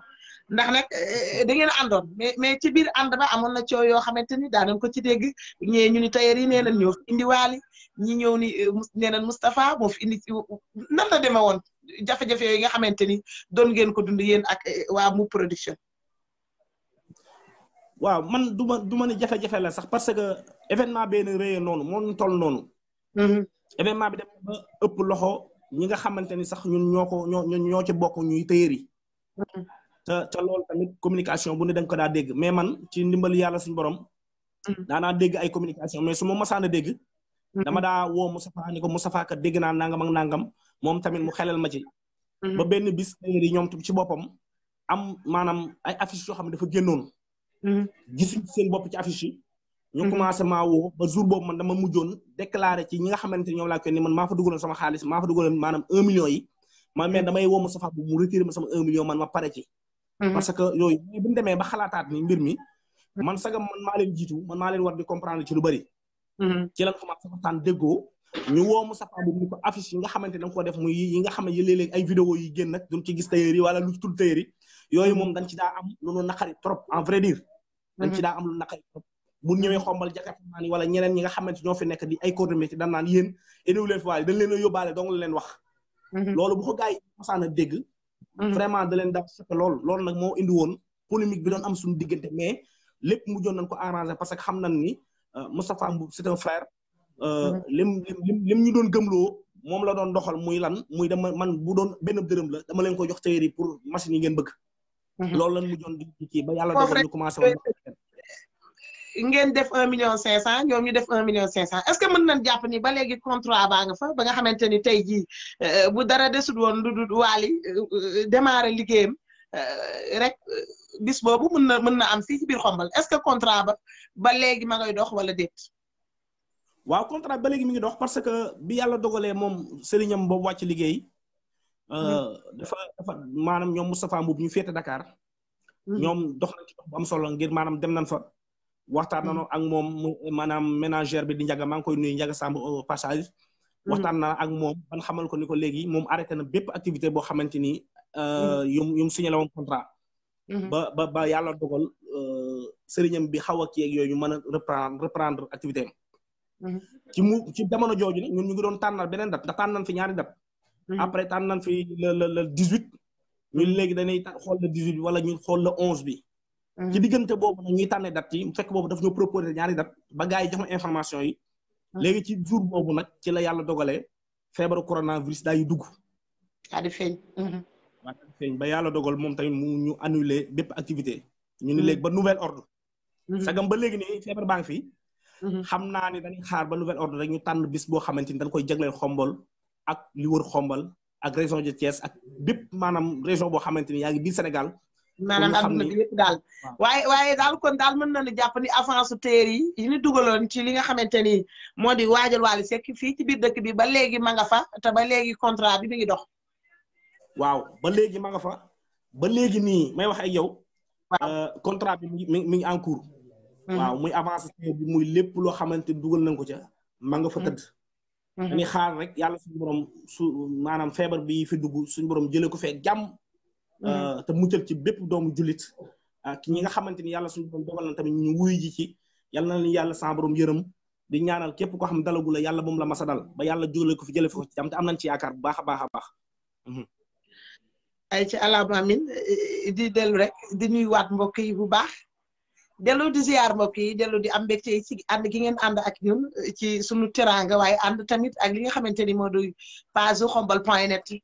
ndax nag eh, eh, da ngeen àndoon mais mais ci biir ànd ba amoon na coow yoo xamante ni daanañ ko ci dégg ñee ñu ni tailleur yi nee nañ ñoo fi indi waali ñi ñëw ni eh, nee nañ Moustapha moo fi indi nan la demee woon jafe-jafe yooyu nga xamante ni doon ngeen ko dund yéen ak waa mu production. waaw man du ma du ma ne jafe-jafe la sax parce que événement benn réyee noonu moo ñu tol noonu. Mm-hmm. événement bi dem ba ëpp loxo ñi nga xamante ni sax ñun ñoo ko ñoo ñoo ci bokk ñuy tailleur yi. Mm-hmm. te te loolu tamit communication bu ne da ko daa dégg mais man ci ndimbali yàlla suñu borom. Mm. daanaa dégg ay communication mais su ma masaan a dégg. Mm-hmm. dama daa woo Moustapha ni ko Moustapha ka dégg naa nangam ak nangam moom tamit mu xelal ma ci. Mm-hmm. ba benn bis yi ñoom ci boppam am maanaam ay affiche yoo xam ne dafa génnoon. Mm-hmm. gisuñ seen bopp ci affiche yi. ñu commencé maa woo ba jour boobu man dama mujjoon déclaré ci ñi nga xamante ñoom laa koy ni man maa fa dugaloon sama xaalis maa fa dugaloon maanaam un million yi. man mais damay woo Moustapha bu mu retiré ma sama un million man Mm-hmm. parce que yooyu bu ñu demee ba xalaataat ni mbir mi. Mm-hmm. man sagam man maa leen jiitu man maa leen war di comprendre ci lu bëri. Mm-hmm. ci lañ commencé waxtaan woo Moussa Fadil ni ko yi nga xamante da nga ko def muy yi nga xam ne léeg-léeg ay vidéo yi génn nag duñ ci gis tailleur yi wala lu tul tailleur moom dañ ci daa am lu nu naqari trop en vrai dire dañ ci daa am lu naqari bu ñëwee xombal jakartamaan yi wala ñeneen ñi nga xamante ñoo fi nekk di ay coordonnées ci dañ naan yéen indiwu leen fi waaye dañ leen a yóbbaale dong leen wax loolu bu ko gars yi masaana dégg Mm-hmm. vraiment da leen daal soppe lool loolu nag moo indi woon polémique bi doon am suñu diggante mais lépp mu joon nañ ko arrangé parce que xam nañ ni euh, Moustapha Mboub c'est un frère euh, mm-hmm. lim lim lim ñu doon gëmloo moom la doon doxal muy lan muy dama man bu doon benn dërëm la dama leen ko jox téere yi pour machine yi ngeen bëgg mm-hmm. lool lan mu joon di kii ba yàlla dogal ñu commencé woon ngeen def un million cinq cent ñoom ñu def un million cinq cent est-ce que mën nañ jàpp ni ba léegi contrat baa nga fa ba nga xamante ni tey jii euh, bu dara desut woon lu dul waali euh, euh, démarrer liggéeyam rek bis boobu mën na mën na am si ci xombal est-ce que contrat ba ba léegi ma ngay dox wala déet. waaw contrat ba léegi mi ngi dox parce que bi yàlla dogalee moom sëriñam boobu wàcc liggéey. Mm-hmm. dafa dafa maanaam ñoom Moustapha Mboub ñu féete Dakar. Mm-hmm. ñoom dox nañ ci dox bu am solo ngir maanaam dem nañ fa. waxtaan nañu mm. ak moom maanaam ménagère bi di njaga maa ngi koy nuyu njaga Samb au euh, passage. Mm. waxtaan na ak moom ban xamal ko ni ko léegi moom arrêté na bépp activité boo xamante ni. yu euh, mu mm. yu mu signé woon contrat. Mm-hmm. ba ba ba yàlla dogal euh, sëriñam bi xaw a kii ak yooyu ñu mën a reprendre reprendre activité am. Mm-hmm. ci mu ci jamono jooju nag ñun ñu ngi doon tànnal beneen date ndax tànn nañ fi ñaari date. Mm-hmm. après tànn nañ fi le le dix huit. ñun léegi dañuy xool le dix huit bi wala ñu xool le onze bi. ci mhm. diggante boobu nag ñuy tànnee date yi fekk boobu daf ñu proposé ñaari date ba yi jox information yi. Mhm. léegi ci jour boobu nag ci la yàlla dogalee feebaru coronavirus daal di dugg. daal di feeñ. waaw mhm. ba yàlla dogal moom tamit mu ñu annulé bépp activité. ñu ni léegi ba nouvel ordre. sagam ba léegi nii feebar baa ngi fi. xam naa ne dañuy xaar ba nouvel ordre rek ñu tànn bis boo xamante ni dañ koy jagleel xombol ak li wër xombol ak région de Thiès ak bépp maanaam région boo xamante ni yaa ngi biir Sénégal maanaam adduna bi yëpp daal waaye waaye daal kon daal mën nañu jàpp ni avance téer yi yi ñu dugaloon ci li nga xamante ni moo di waajal Wally Seck fii ci biir dëkk bi ba léegi ma nga fa te ba léegi contrat bi mi ngi dox ba léegi ma nga fa ba léegi nii may wax ak yow euh, contrat bi mi mi ngi en cours mhm. muy avance téer muy lépp loo xamante dugal nañ ko ca ma nga fa mhm. tëdd mhm. ni xaar rek yàlla suñu borom su maanaam feebar bi fi dugg suñu borom jëlee ko fee jàmm Euh, mm-hmm. te muccal ci bépp doomu julit ak ñi nga xamante ni yàlla suñu borom dogal na tamit ñu wuy ji ci yal na leen yàlla sa borom di ñaanal képp koo xam dalagu la yàlla moom la masa dal ba yàlla jógale ko fi jële foofu ci jàmm te am nañ ci yaakaar bu baax a baax a baax mm-hmm. ay ci alaama amin di dellu rek di nuyuwaat mbokk yi bu baax dellu di ziar mbokk yi dellu di am mbégte ci ànd ki ngeen ànd ak ñun eh, ci sunu teranga waaye ànd tamit ak li nga xamante ni moo di page xombal point net eh,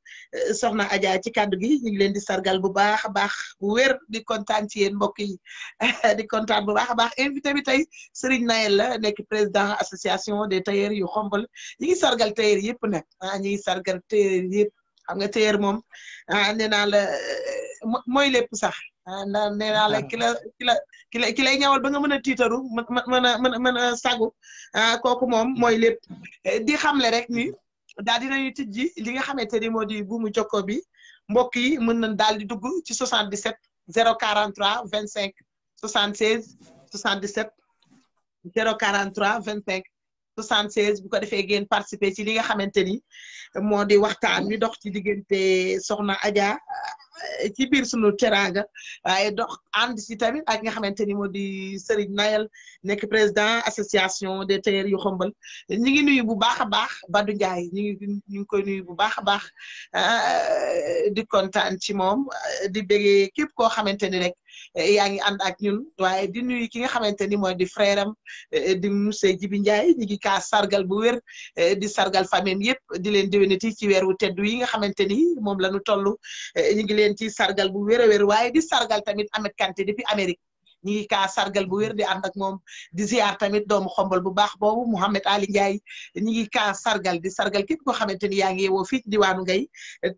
soxna Adja ci kàddu gi ñu ngi leen di sargal bu baax a baax bu wér di kontaan ci yéen mbokk yi <laughs> di kontaan bu baax a baax invité bi tey Serigne na la nekk président association des tailleurs yu xombal ñi ngi sargal tailleur yëpp nag ah ñi ngi sargal tailleur yëpp. xam nga téer moom ah nee naa la eh, mooy lépp sax ah nee naa la ah. ki la ki la ki la ki lay ñawal ba nga mën a tiitaru mën mën a mën a mën a sagu ah kooku moom mooy lépp eh, di xamle rek ni daal dinañu tijji li nga xamante ni moo di buumu jokko bi mbokk yi mën nañ daal di dugg ci 77 043 25 76 77 043 25. 76 bu ko defee ngeen participer ci li nga xamante ni moo di waxtaan wi dox ci diggante soxna Adja euh, ci biir sunu teraanga waaye dox ànd si tamit ak nga xamante ni moo di Serigne Nayel nekk président association des tailleurs yu xombal ñu ngi nuyu bu baax a baax Badou Ndiaye ñu ngi ñu ngi koy nuyu bu baax a baax euh, di kontaan ci moom di béggee képp koo xamante ni rek. Eh, yaa ngi ànd ak ñun waaye di nuyu ki nga xamante ni mooy di frère eh, di monsieur Jibi Ndiaye ñu ngi kaa sargal bu wér eh, di sargal famille yëpp di leen déwénati ci weer wu teddu yi nga xamante ni moom la ñu toll ñu ngi leen ci sargal bu wér a wér waaye di sargal tamit Ameth Kanté depuis Amérique. ñi ngi kaa sargal bu wér di ànd ak moom di ziar tamit doomu xombal bu baax boobu Mouhamed Ali Ndiaye ñi ngi kaa sargal di sargal képp koo xamante ni yaa ngi yeewoo fii ci diwaanu ngay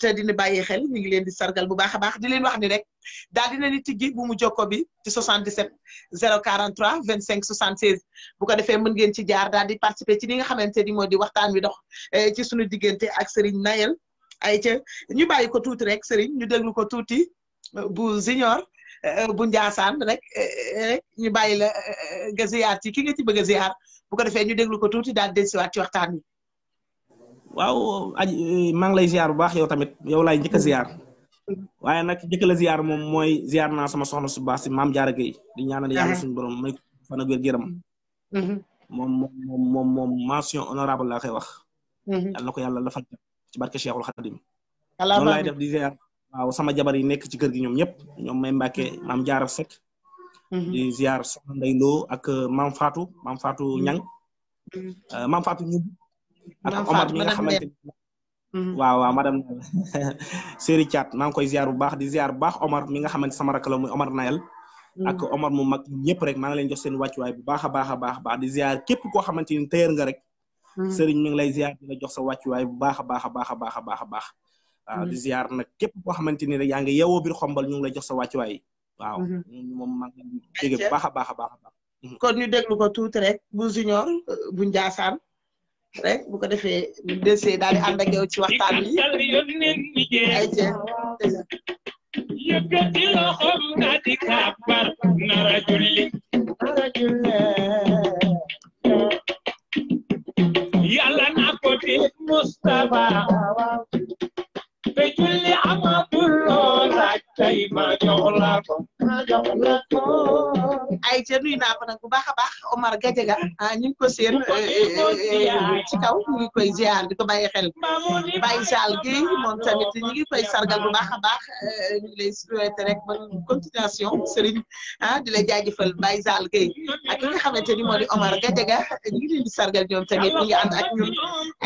te dina bàyyi xel ñi ngi leen di sargal bu baax a baax di leen wax ni rek daal dina ni tijji bu mu jokko bi ci 77 043 25 76 bu ko defee mën ngeen ci jaar daal di participer ci li nga xamante ni moo di waxtaan wi dox eh, ci sunu diggante ak Serigne Nayel ay ca ñu bàyyi ko tuuti rek Serigne ñu déglu ko tuuti eh, bu Junior Eh, eh, bu njaasaan rek eh, rek ñu bàyyi la nga ziar ci ki nga ci bëgg a ziar bu ko defee ñu déglu ko tuuti daal dellusiwaat ci waxtaan wi. waaw aj maa ngi lay ziar bu baax yow tamit yow laay njëkk a ziar waaye nag njëkk la ziar moom mooy ziar naa sama soxna su baax si maam Diarra Gueye di ñaanal yàlla suñu borom may fan ak wér gëram mm-hmm. moom moom moom moom mention honorable laa koy wax. Mm-hmm. yàlla na ko yàlla la fan ci barke Cheikhul Khadim. noonu laay def di ziar. waaw sama jabar yi nekk ci kër gi ñoom ñëpp ñoom may Mbàkke maam mm-hmm. Jaara Seck mm-hmm. di ziar soxna Ndey Lo ak euh, maam Fatou maam Fatou Ñang mm-hmm. maam euh, Fatou ñub ak Omar xamante ni waaw waaw madame <laughs> Séri Thiat maa koy ziar bu baax di ziar bu baax Omar mi nga xamante sama rakk la muy Omar Nayel ak Omar mu mag ñëpp rek maa ngi leen jox seen wàccuwaay baax a baax a baax baax di ziar képp koo xamante ni tëyër nga rek sëriñ mi ngi lay ziar di la jox sa wàccuwaay baax a baax a baax a baax a baax a baax waaw ah, di hmm. ziar nag képp koo xamante ni rek yaa ngi yeewoo biir xombal ñu ngi lay jox sa wàccuwaay waaw hmm. moom ma ngi dégg bu baax a baax a baax hmm. kon ñu déglu ko tuuti rek bu junior bu njaasaan rek bu ko defee bu desee daal di ànd ak yow ci waxtaan bi ay yëkkati na di nara julli nara julli yàlla na ko di Mustafa. Pekulli ama bir olacak. tey ma jox la ko ma jox la ko ay ca ko bu baax a baax ah, ñu ko seen eh, eh, eh, ci kaw ñu koy ziar di ko bàyyi xel bàyyi Sall Guèye moom tamit ñu koy sargal bu baax a baax ñu ngi lay rek bonne continuation Serigne ah di la jaajëfal bàyyi Sall ak ki nga xamante ni moo di Omar ga ñu ngi leen di sargal ñoom tamit ñu ngi ak ñun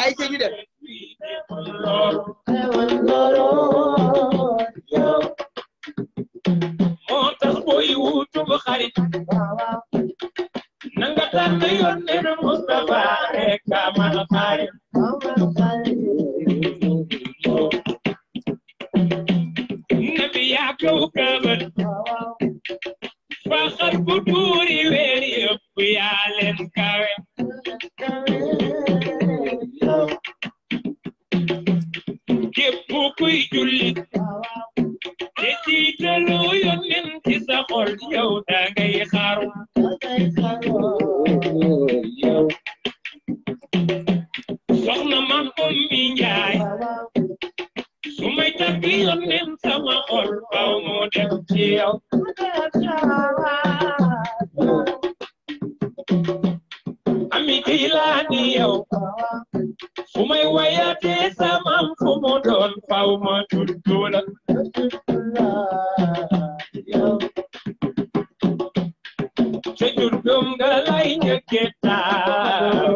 ay ca ñu motax boy wutum xarit nanga tan yon ne Mustafa rek ma la xarit nabi ya ko kamal faxar bu tuuri weer yëpp yaa kawe képp kuy jullit te tiitalu yónneen ci sa xol yow da gay xaru yow soxna man om mi njaay su may tàgg yónneen sama xol faw mu dem ci yow ami jilaani yow su may wayaatee sama fu mu doon faw ma tudd la ca juddum ga lay njëkke taal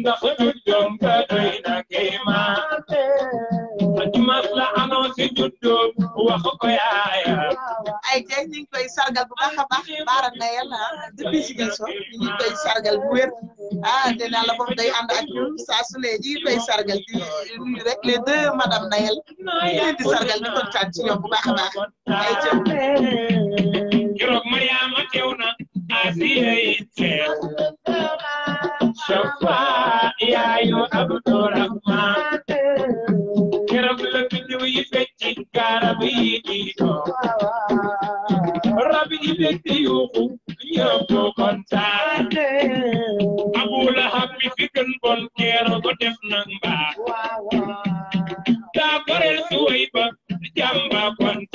ndax juddum ga doy na kéemaate jumas la annoncé juddum wax ko yaaya ay tey ñu ngi koy sargal bu baax a baax baara na yàlla ah, depuis si ngi koy sargal bu wér ah te naa la moom day ànd ngi koy sargal di rek les deux madame Nayel ñu leen sargal di kontaan ci bu baax a baax ay jëm keroog Mariama teew na asiyey teew Safa yaayu Abdurahman keroog la bindu yi fecci garab yi di toog rab yi fecc yuuxu ñëpp kontaan Abu Lahab mi fi gën bon keroog def na mbaa daa goreel suway ba jàmba kontaan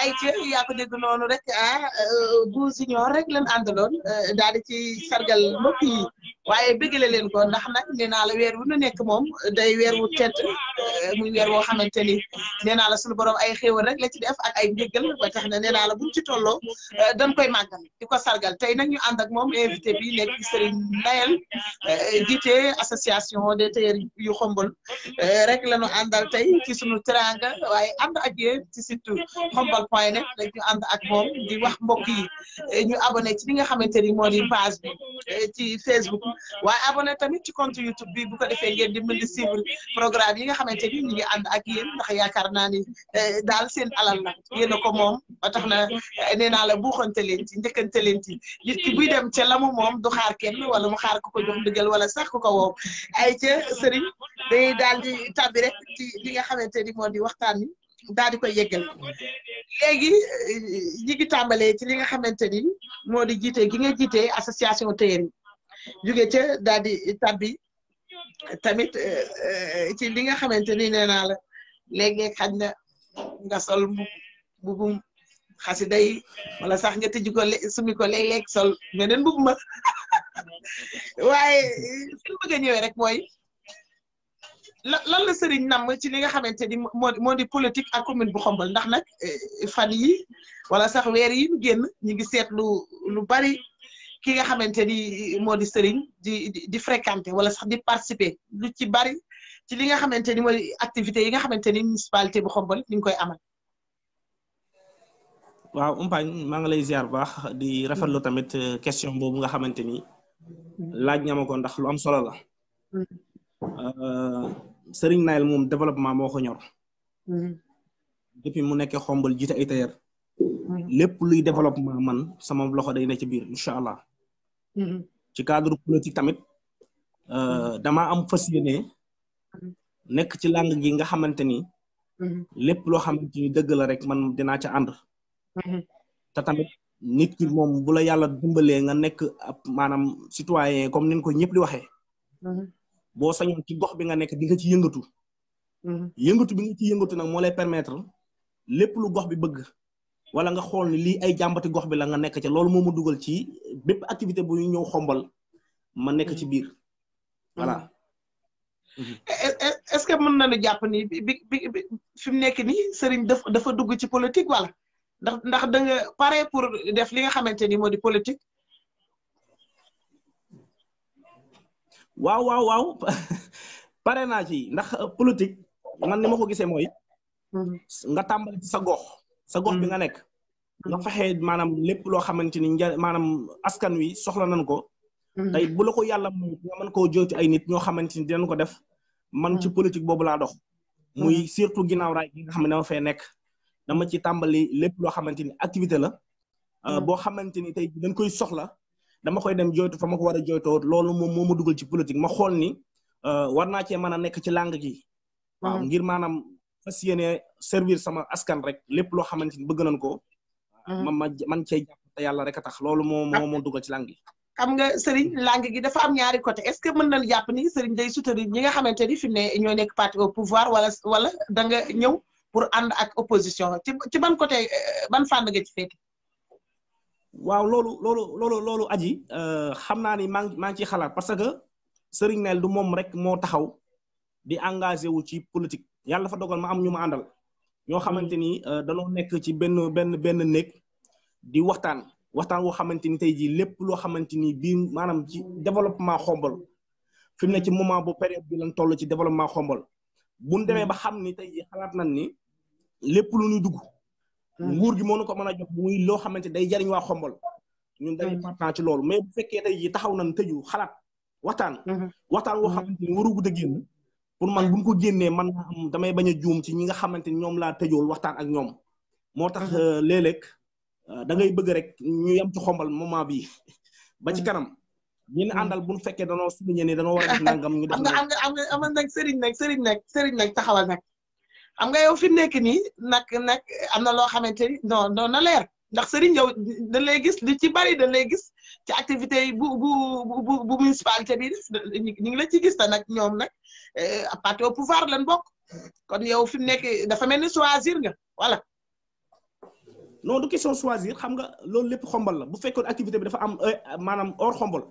ay ci yaa ko dégg noonu rek ah euh, bu siñoor rek lan àndaloon euh, daal di ci sargal mbokk yi waaye bëggale leen ko ndax nag nee naa la weer wu nu nekk moom day weer wu tedd eh, muy weer woo xamante ni nee naa la suñu borom ay xéewal rek la ci def ak ay njëggal ba tax na nee naa la buñ ci tolloo eh, dañ koy màggal di ko sargal tey nag ñu ànd ak moom invité bi nekk Serigne Nayel eh, jiite association des tailleurs yu xombol rek la ñu àndal tey ci suñu teranga waaye ànd ak yéen ci site xombol point net rek ñu ànd ak moom di wax mbokk yi ñu abonné ci li nga xamante ni moo di page bi. ci Facebook waaye abonné tamit ci compte YouTube bi bu ko defee ngeen di mën di programme yi nga xamante ni ñu ngi ànd ak yéen ndax yaakaar naa ni eh, daal seen alal la yéen a ko moom ba tax na eh, nee naa la buuxante leen ci njëkkante leen ci nit ki buy dem ca la mu moom du xaar kenn wala mu xaar ku ko jox ndigal wala sax ku ko woow ay ca sëriñ day daal di tàbbi rek li nga xamante ni moo di waxtaan wi daal di koy yeggal léegi ñi ngi tàmbalee ci li nga xamante ni moo di jiite gi nga jiite association téer yi jóge ca daal di tabbi tamit eh, ci li nga xamante ni nee naa la léegi xaj na nga sol mbubum xasida yi wala sax nga tëj ko sumi ko léeg-léeg sol meneen mbub ma <laughs> waaye fi mu bëgg a rek mooy lan la sëriñ nam ci li nga xamanteni modi politique ak commune bu xombal ndax nak eh, fan yi wala sax weer yi ñu genn ñi ngi seetlu lu bari ki nga xamanteni modi moo di sëriñ di di fréquenter wala sax di participer lu ci bari ci li nga xamanteni ni activité yi nga xamanteni municipalité bu xombal ñu koy amal. waaw umpañ ma nga lay ziar bax di rafetlu tamit euh, question bobu nga xamanteni mm-hmm. laaj ñama ko ndax lu am solo la. Mm-hmm. Euh, sering nail moom développement ma ko ñor. Mm-hmm. depuis mu nekk xombal jiite ay tailleur. Mm-hmm. lépp luy développement man sama loxo day ne ci biir inshallah allah. Mm-hmm. ci cadre politique tamit euh, dama am fasiyene yéene nekk ci langue gi nga xamanteni lepp lo xamanteni deug la rek man dinaa ca ànd. ta tamit nit ki moom bu la yalla dimbalee nga nekk manam citoyen comme ni ko ñepp di waxee. boo sañoon ki gox bi nga nekk di nga ci yëngatu. Mhm. yëngatu bi nga ci yëngatu nag moo lay permettre lépp lu gox bi bëgg. wala nga xool ni lii ay jàmbati gox bi la nga nekk ci loolu moo ma dugal ci bépp activité bu ñëw xombal ma nekk ci mhm. biir voilà. Mhm. E, e, e, est-ce que mën nañu jàpp ni bi bi fi mu nekk ni sëriñ dafa dafa dugg ci politique wala ndax ndax da nga pare pour def li nga xamante ni moo di politique Wow, wow, waaw <laughs> parrainage ci ndax euh, politique man ni ma ko gisee mooy mm-hmm. nga tàmbali ci sa gox sa gox bi nga mm-hmm. nekk mm-hmm. nga fexe maanaam lépp loo xamante ni maanaam askan wi soxla nan ko tey bu la ko yàlla mu nga mën koo ay nit ñoo xamante dinañ ko def man ci politique boobu laa dox muy surtout ginnaaw raay gi nga xam ne dama fee nekk dama ci tàmbali lépp loo xamante ni activité la euh, boo xamante ni dañ koy soxla dama koy dem joytu fa ma ko war a joytoo loolu moom moo ma dugal ci politique ma xool ni euh, war naa cee mën a nekk ci langue gi. Mhm. ngir maanaam fas yéene servir sama askan rek lépp loo xamante ni bëgg nañ ko. Mhm. ma ma man cee jàpp te rek a tax loolu moo moo moo dugal ci langue gi. xam nga Serigne langue gi dafa am ñaari côté est-ce que mën nañu jàpp ni Serigne day ñi nga xamante ni fi ne ñoo nekk parti o pouvoir wala wala da nga ñëw pour ànd ak opposition ci ci ban côté euh, ban fànn nga ci féete. waaw loolu loolu loolu loolu aji euh, xam naa ni maa maa ciy xalaat parce que Serigne du moom rek moo taxaw di engagé wu ci politique yàlla dafa dogal ma am ñu ma àndal ñoo xamante ni euh, danoo nekk ci benn benn benn néeg di waxtaan waxtaan woo xamante ni tey jii lépp loo xamante ni bii maanaam ci développement xombal fi mu ne ci moment bu période bi lañ toll ci développement xombal bu ñu demee ba xam ni tey xalaat nañ ni lépp lu nu dugg. nguur gi moo nu ko mën a jox muy loo xamante day jariñ waa xombol ñun dañuy partant ci loolu mais bu fekkee tey ji taxaw na nañ tëju xalaat waxtaan waxtaan woo xamante ni waru gudd génn pour man buñ ko génnee man damay bañ a juum ci ñi nga xamante ni ñoom laa tëjool waxtaan ak ñoom moo tax léeg-léeg da ngay bëgg rek ñu yem ci xombal moment bi ba ci kanam ne àndal bu ñu fekkee danoo souligné ni danoo war a def nangam ñu def am sëriñ nag sëriñ nag sëriñ nag taxawal nag xam nga yow fi nekk nii nag nag am na loo xamante ni non non na leer ndax sëriñ yow dañ lay gis li ci bari dañ lay gis ci activité yi bu bu bu bu municipalité bi ñu ngi la ci gis te nag ñoom nag eh, parti au pouvoir lañ bokk kon yow fi mu nekk dafa mel ni choisir nga wala non du question choisir xam nga loolu lépp xombal la bu fekkoon activité bi dafa am euh, maanaam or xombal.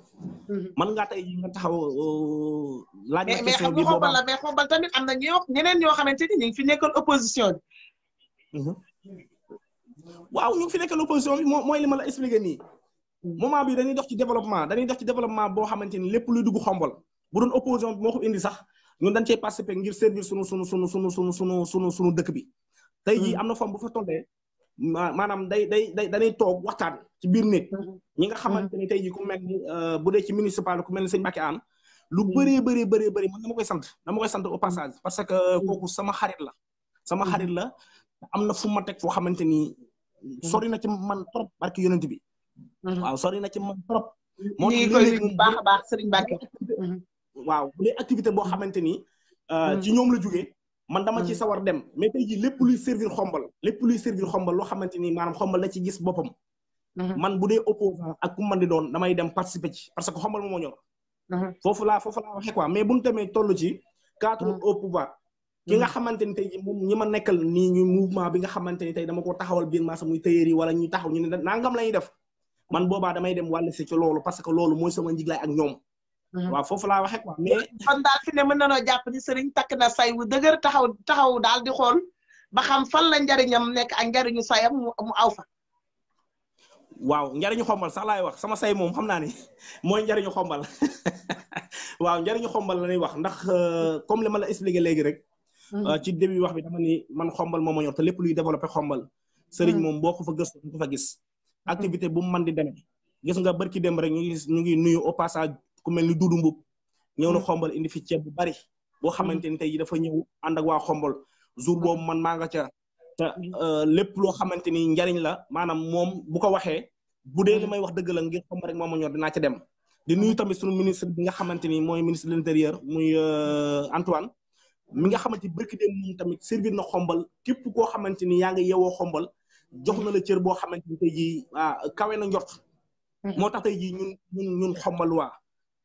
man mhm. nga tay nga taxaw euh, laaj. ma bi boobaa mais mais xam nga xombal la mais xombal tamit am na ñoo ñeneen ñoo xamante ni ñu ngi fi nekkoon opposition bi. Mhm. waaw ñu ngi fi nekkoon opposition bi mooy li ma la expliqué nii. Mhm. moment bi dañuy dox ci développement dañuy dox ci développement boo xamante ni lépp luy dugg xombal bu doon opposition bi moo ko indi sax ñun dañ cee participer ngir servir sunu sunu sunu sunu sunu sunu sunu sunu dëkk bi. tey jii am na forme bu fa tollee. maanaam day day day dañuy toog waxtaan ci biir nit mm-hmm. ñi nga xamante mm-hmm. ni tey jii ku mel ni euh, bu dee ci municipal ku mel ni sëñ Mbacke Anne lu bëree mm-hmm. bëree bëree bëri man ma koy sant dama koy sant au passage parce que kooku sama xarit la sama xarit la am na fu ma teg foo xamante ni sori na ci man trop barki yonent bi waaw sori na ci man trop moo tax baax a baax sëriñ Mbacke waaw activité boo xamante ni euh, ci ñoom la jógee man dama ci hmm. sawar dem mais tay ji lepp luy servir xombal lepp luy servir xombal lo xamanteni manam xombal la ci gis bopam hmm. man budé opposant ak ku man di don damay dem participer ci parce que xombal mo ñor hmm. fofu la fofu la waxee quoi mais buñu témé tollu ci cadre au pouvoir ki nga xamanteni tay ji moom ñima nekkal ni ñu mouvement bi nga xamanteni tay dama ko taxawal bien massa muy teyeri wala ñu taxaw ñu nangam lañuy def man boba damay dem wàll ci lolu parce que lolu moy sama njiglaay ak ñom Mm-hmm. wa fofu la waxe quoi mais. <laughs> kon dal fi ne mën nañu japp ni serigne tak na say wu deuguer taxaw taxaw dal di xol ba xam fan la ndariñam nek ak ndariñu sayam mu aw fa. waaw ndariñu xombal sax lay wax sama say mom xam ni <laughs> moy ndariñu xombal <laughs> waaw ndariñu xombal la ñuy wax ndax euh, comme li la expliqué rek. Mm-hmm. Euh, ci début wax bi dama ni man xombal moom ma ñor te lepp luy développer xombal. serigne mom mm-hmm. boko fa gëstu ko fa gis. activité bu mu di demee gis nga barki dem rek ñu ngi nuyu au passage ku melni Dudu Mbub ñew na hmm. xombal indi fi ceeb bu bari bo hmm. xamanteni tay dafa ñew and ak wa xombal jour bo man ma nga ca ta hmm. euh, lepp lo xamanteni njariñ la manam mom bu ko waxe bu de limay wax deug la ngir xombal rek moom ma ñor dina ca dem di nuyu tamit sunu ministre bi nga xamanteni moy ministre de l'intérieur muy euh, Antoine mi nga xamanteni barki dem mom tamit servir na xombal kep ko xamanteni ya nga yewoo xombal jox na la cër bo xamanteni tay tey jii ah, kawe na ñort motax tay tey ñun ñun ñun xombal waa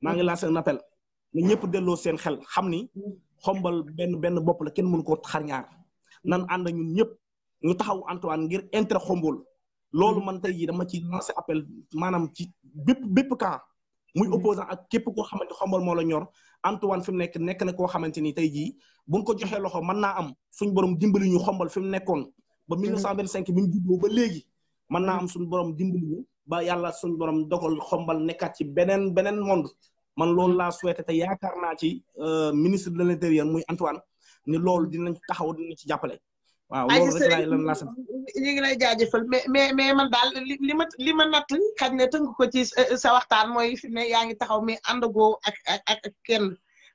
maa ngi mm-hmm. lancé un appel na ñëpp delloo seen xel xam ni mm-hmm. xombal benn benn bopp la kenn mënu ko xar nan ànd ñun ñëpp ñu taxaw Antoine ngir intérêt xombol loolu mm-hmm. man tey jii dama ci lancé maanaam ci bépp bépp camp muy opposant ak képp koo xamante xombal moo la ñor Antoine fi mu nekk nekk na koo xamante ni tey jii buñ ko joxee loxo mën naa am suñ borom dimbali ñu xombal fi mu nekkoon ba 1925 bi mu juddoo ba léegi mën naa am suñu borom dimbali ba yàlla suñ borom dogal xombal nekkaat ci beneen beneen monde man loolu laa souhaité te yaakaar naa ci euh, ministre de l'intérieur muy Antoine ni loolu dinañ taxaw dinañ ci jàppale. waaw loolu rek laay lan laa sant ñu ngi lay jaajëfal mais mais man daal li ma li ma natt xaj na tënk ko ci euh, sa waxtaan mooy fi ne yaa ngi taxaw mi àndagoo ak ak ak kenn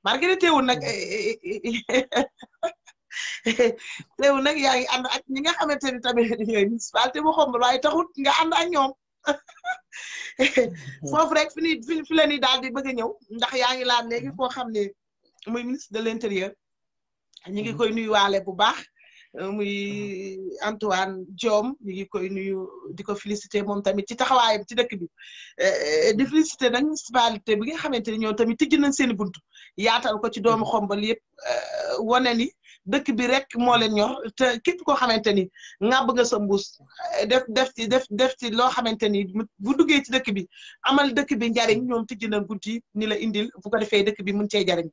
malgré teewul nag <laughs> teewul nag yaa ngi ànd ak ñi nga xamante ni tamit yooyu municipalité bu xomb waaye nga ànd ak ñoom. <laughs> foofu rek fi ñuy daal di bëgg ñëw ndax yaa ngi laal léegi koo mm-hmm. xam ne muy ministre de l'intérieur ñu ngi mm-hmm. koy nuyuwaale bu baax euh, muy mm-hmm. Antoine Diome ñu ngi koy nuyu di ko féliciter moom tamit ci taxawaayam ci dëkk bi euh, di féliciter nag municipalité bi nga xamante ni ñoom tamit tijji nañ seen i buntu yaatal ko ci doomu xombal yëpp euh, wane ni. dëkk bi rek moo leen ñor te képp koo xamante ni ŋàbb nga sa mbuus def def ci def def ci loo xamante ni bu duggee ci dëkk bi amal dëkk bi njariñ ñoom tijji na guddi ni la indil bu ko defee dëkk bi mun cee jariñ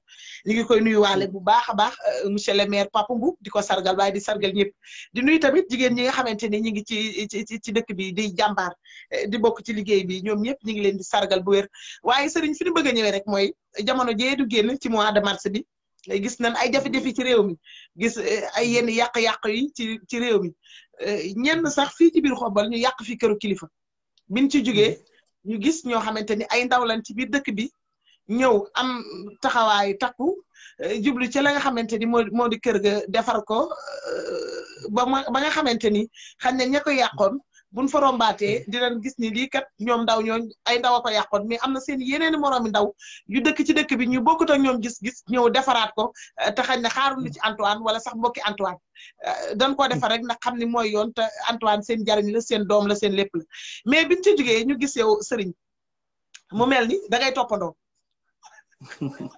ñu ngi koy nuyuwaale bu baax a baax euh, monsieur le maire Papa Mboup di ko sargal waaye di sargal ñëpp di nuyu tamit jigéen ñi nga xamante ni ñu ngi ci ci dëkk bi di jàmbaar euh, di bokk ci liggéey bi ñoom ñëpp ñu ngi leen di sargal bu wér waaye sëriñ fi ñu bëgg a ñëwee rek mooy jamono jee du génn ci mois de mars bi. gis nañ ay jafe-jafe ci réew mi gis eh, ay yenn yàq-yàq yi ci ci réew mi eh, ñenn sax fii ci biir xombal ñu fi këru kilifa biñ ci jugee ñu gis ñoo xamante ni ay ndaw lañ ci biir dëkk bi ñëw am taxawaayu takku eh, jublu ci la nga xamante ni moo moo di kër ga defar ko ba ma nga xamante ni xañ ne ña ko yàqoon buñ fa rombaatee dinañ gis ni lii kat ñoom ndaw ñooñ ay ndaw a ko yàqoon mais am na seen yeneeni moroomi ndaw yu dëkk ci dëkk bi ñu bokkut ak ñoom gis-gis ñëw defaraat ko eh, te xañ na xaaruñu ci Antoine wala sax mbokki Antoine eh, dañ ko defar rek ndax xam ni mooy yoon te Antoine seen jariñ la seen doom la seen lépp la mais biñ ci jigee ñu gis yow sëriñ mu mel ni da ngay toppandoo <laughs>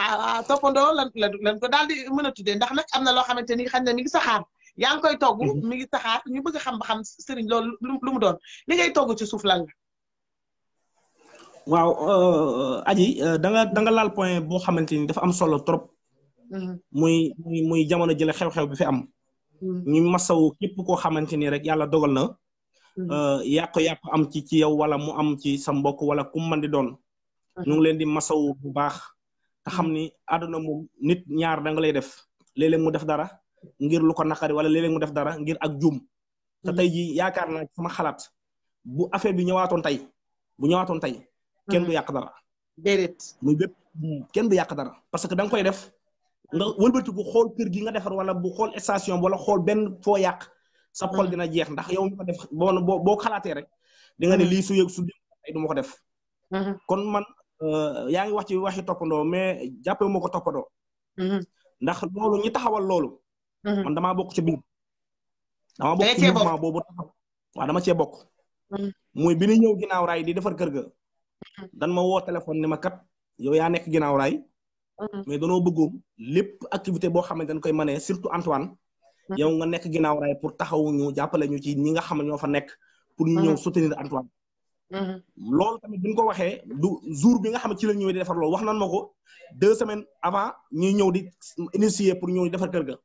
ah, ah toppandoo lan lan ko daal di mën a tuddee ndax nag am na loo xamante ni xañ na mi ngi saxaar yaa ngi koy togg mhm. mi ngi taxa ñu bëgg a xam ba xam sëriñ loolu lu mu doon li ngay togg ci suuf lan la waaw euh, aji euh, da danga da nga laal point boo xamante ni dafa am solo trop mhm. muy muy muy jamono jële xew-xew bi fi am mhm. ñu masawu képp koo xamante ni rek yàlla dogal na euh, yàqu-yàqu am ci ci yow wala mu am ci sa mbokk wala ku man di doon ñu ngi leen di masawu bu baax te xam ni àdduna mu nit ñaar da nga lay def léeg mu def dara ngir lu ko nakari wala leleng mu def dara ngir ak jum ta hmm. tay ji yaakaar naa sama xalaat bu affaire bi ñewaton tay bu ñewaton tay kenn du hmm. yak dara dedet muy bepp kenn du yak dara parce que dang koy def nga wëlbati bu xol kër gi nga defar wala bu xol station wala xol ben fo yak sa xol hmm. dina jeex ndax yow ñu ko def bo bo xalaatee rek di nga ne li su yeug su tey du ko def kon man euh, yaangi wax ci waxi topando mais jappé moko ko ndax lolu ñi taxawal lolu Mhm. man damaa bokk ci biir. dama bokk ci boobu waaw dama cee bokk. Mhm. muy bi ñu ñëw ginnaaw raay di defar kër ga. Mhm. dan ma woo téléphone ni ma kat yow yaa nekk ginnaaw mais danoo bëggoon lépp activité boo xam ne koy mënee surtout Antoine. yow nga nekk ginnaaw raay pour taxaw ñu jàppale ñu ci ñi nga xam ne ñoo fa nekk. pour ñu ñëw soutenir Antoine. loolu tamit bi ko waxee du jour bi nga xam ci la ñëwee di defar loolu wax nan ma ko deux semaines avant ñuy ñëw di initier pour ñëw di defar kër ga.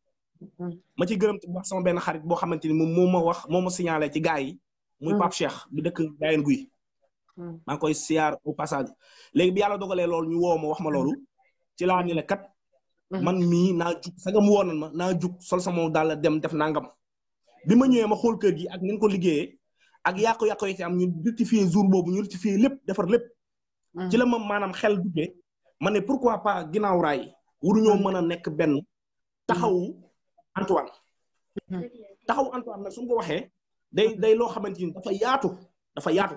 ma ci gërëm wax sama benn xarit boo xamante ni moom moo ma wax moo ma signalé ci gaa yi. muy hmm. Pape Cheikh bi dëkk Gayen Guy. Hmm. ma ngi koy siyaar au passage léegi bi yàlla dogalee loolu ñu woo ma wax ma loolu ci laa ni la kat. Hmm. man mii naa jug sagam woo nan ma naa jug sol sama daal dem def nangam. bi ma ñëwee ma xool kër gi ak nañ ko liggéeyee ak yàqu-yàqu yi ci am ñu rectifier jour boobu ñu rectifier lépp defar lépp. ci la ma maanaam xel duggee ma ne pourquoi pas ginnaaw raay waruñoo mën a nekk benn Antoine. Mm-hmm. taxaw Antoine nag su ma ko waxee day day loo xamante ni dafa yaatu dafa yaatu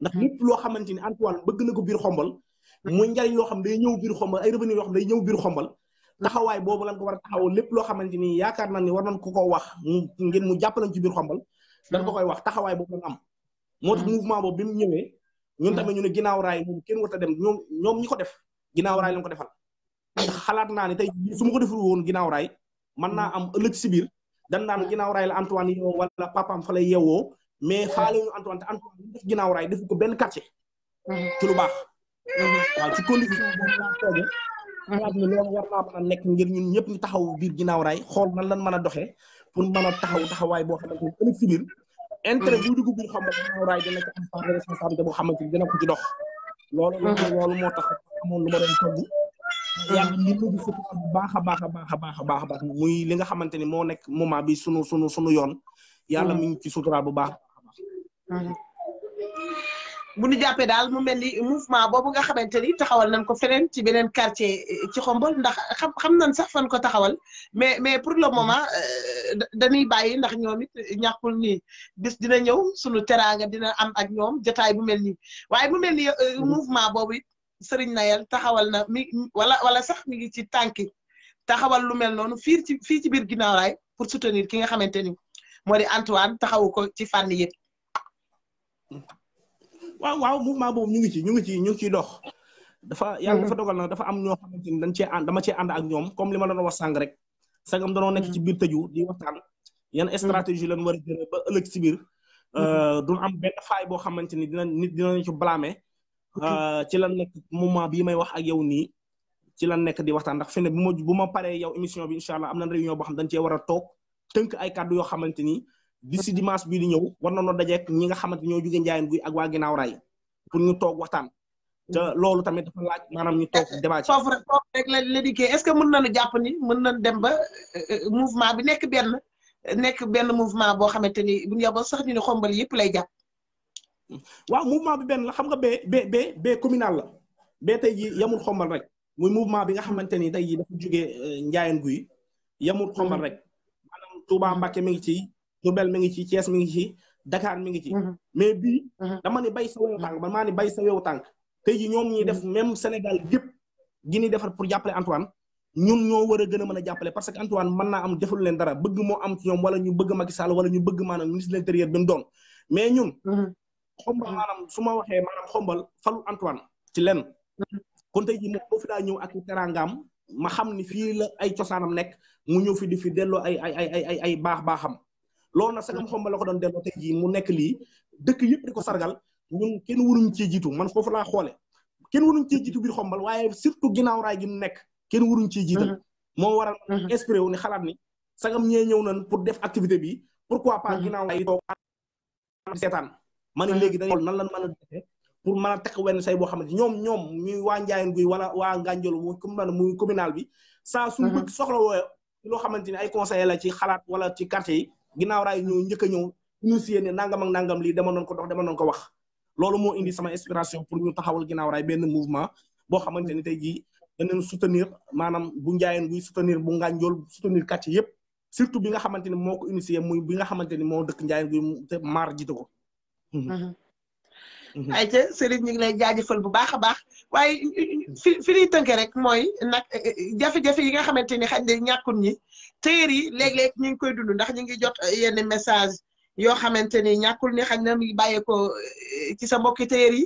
ndax lépp loo xamante ni Antoine bëgg na ko biir xombal muy njariñ loo xam day ñëw biir xombal ay revenus yoo xam day ñëw biir xombal taxawaay boobu lañ ko war a lépp loo xamante ni yaakaar naa ni war nañ ko ko wax ngeen mu jàppalañ ci biir xombal dañ ko koy wax taxawaay am moo tax mm-hmm. mouvement boobu bi mu ñëwee ñun tamit ñu ne ginnaaw raay moom kenn warta dem ñoom ñoom ñi ko def ginnaaw raay lañ ko defal ndax xalaat naa ne tey su ma ko deful woon ginnaaw mën naa mm. am ëllëg si biir dan naan ginnaaw raay la Antoine yeewoo wala papam fa lay yeewoo mais mm. faale ñu Antoine te Antoine ñu def ko benn quartier. Mm. ci lu baax. condition boobu laa naa mën nekk ngir ñun ñëpp ñu taxaw biir ginnaaw raay xool nan lan mën a doxee pour mën a taxaw taxawaay boo xamante ni ëllëg si biir. intérêt bu dugg bu xam ne ginnaaw raay dina ci am part de responsabilité dox. loolu loolu tax amoon lu yàlla ñu ngi suturaal a baax a baax a a baax a baax muy li nga xamante ni moo nekk moment bi sunu sunu sunu yoon. yàlla mi mm. ci suturaal bu baax. Mm. bu ñu jàppee daal mu mel ni mouvement boobu nga xamante ni taxawal nañ ko feneen ci beneen quartier eh, ci xombol ndax xam xam nañ sax fan ko taxawal mais mais pour le moment euh, dañuy bàyyi ndax ñoom it ñàkkul ni bis dina ñëw sunu teraanga dina am ak ñoom jotaay bu mel waaye mu mel ni euh, mm. mouvement boobu serigne Nayel taxawal na mi wala wala sax mi ngi ci tanki taxawal lu mel noonu fi ci fi ci bir ginaaw ray pour soutenir ki nga xamanteni ni Antoine taxawu ko ci fànn yëpp. waaw waaw mouvement bobu ñu ngi ci ñu ngi ci ñu ngi dox. dafa yalla dafa mhm. dogal na dafa am ño xamanteni dañ ci and dama ci and ak ñom comme lima la doon wax sang rek. sagam danoo nek mhm. ci bir teju di waxtan yan mhm. stratégie lañ wara jëre ba ba ci bir euh du am benn faay bo xamanteni ni dina nit dina ñu blâmer. Euh, ci la nekk moment bii may wax ak yow nii ci la nekk di waxtaan ndax fi ne bu ma bu ma pare yow émission bi incha allah am na réunion boo xam dañ cee war a toog tënk ay kàddu yoo xamante ni d'ici dimanche bii di ñëw war na noo dajeek ñi nga xamante ñoo jóge Njaayeen guy ak waa ginnaaw raay pour ñu toog waxtaan. te loolu tamit dafa laaj maanaam ñu toog débat ci. foofu rek foofu rek la la dikkee est-ce que mën nañu jàpp ni mën nañu dem ba euh, euh, mouvement bi nekk benn nekk benn mouvement boo xamante ni bu ñu sax ñu ne xombal yëpp lay jàpp. waaw mouvement bi benn la xam nga be bee bee bee communal la bee tey jii yamul xombal rek muy mouvement bi nga xamante ni tey jii dafa jógee euh, njaayan guy yamul xombal mhm. rek maanaam Touba Mbacké mi ngi ci Diourbel mi ngi ci Thiès mi ngi ci Dakar mi ngi ci mhm. mais bi mhm. dama ne bay sa wewu tànk man maa ne bay sa wewu tànk tey jii ñoom ñuy def même Sénégal yëpp gi ñuy defar pour jàppale Antoine ñun ñoo war a gën a mën a jàppale parce que Antoine mën naa am defalu leen dara bëgg moo am ci ñoom wala ñu bëgg Macky Sall wala ñu bëgg maanaam ministre de l'intérieur bi mu doon mais ñun xombal mm-hmm. maanaam su ma waxee maanaam xombal falu Antoine ci lenn. Mm-hmm. kon tey jii moom boo fi daa ñëw ak teraangaam ma xam ni fii la ay cosaanam nekk mu ñëw fi di fi delloo ay ay ay ay baax baaxam loolu nag sagam xombal la ko doon delloo tey jii mu nekk lii dëkk yëpp ko sargal ñun kenn waruñ cee jiitu man foofu laa xoole ken waruñ ci jiitu biir xombal waaye surtout ginnaaw raay gi nekk kenn waruñ cee jiital mm-hmm. moo waral inspiré wu ni xalaat ni sagam ñee ñëw nañ pour def activité bi pourquoi pas ginnaaw raay yi toog seetaan man ne léegi dañu nan lan mën a defee pour mën a takk wenn say boo xamante ñoom ñoom ñuy wa Njaayan guy wala waa Ngànjol muy communal bi saa suñu mhm. bëgg soxla woo loo xamante ne ay conseiller la ci xalaat wala ci quartier yi ginnaaw raay ñoo njëkk a ñëw initié ne nangam ak nangam lii dama noon ko dox dama noon ko wax loolu moo indi sama inspiration pour ñu taxawul ginnaaw benn mouvement boo xamante ne tey jii danañ soutenir maanaam bu Njaayan guy soutenir bu Ngànjol soutenir quartier yëpp surtout bi nga ne moo ko initié muy bi nga xamante ni moo dëkk Njaayan guy te maar jiite ko Mm-hmm. Mm-hmm. Mm-hmm. ayca Serigne ñu ngi lay jaajëfal bu baax a baax waaye fi fi ñuy tënke rek mooy nag eh, eh, jafe-jafe yi nga xamante ni xañ ne ñàkkun ñi téer yi léeg-léeg ñu ngi koy dund ndax ñu ngi jot yenn message yoo xamante ni ñàkkul ni xañ na mi bàyyeekoo eh, ci sa mbokki téer yi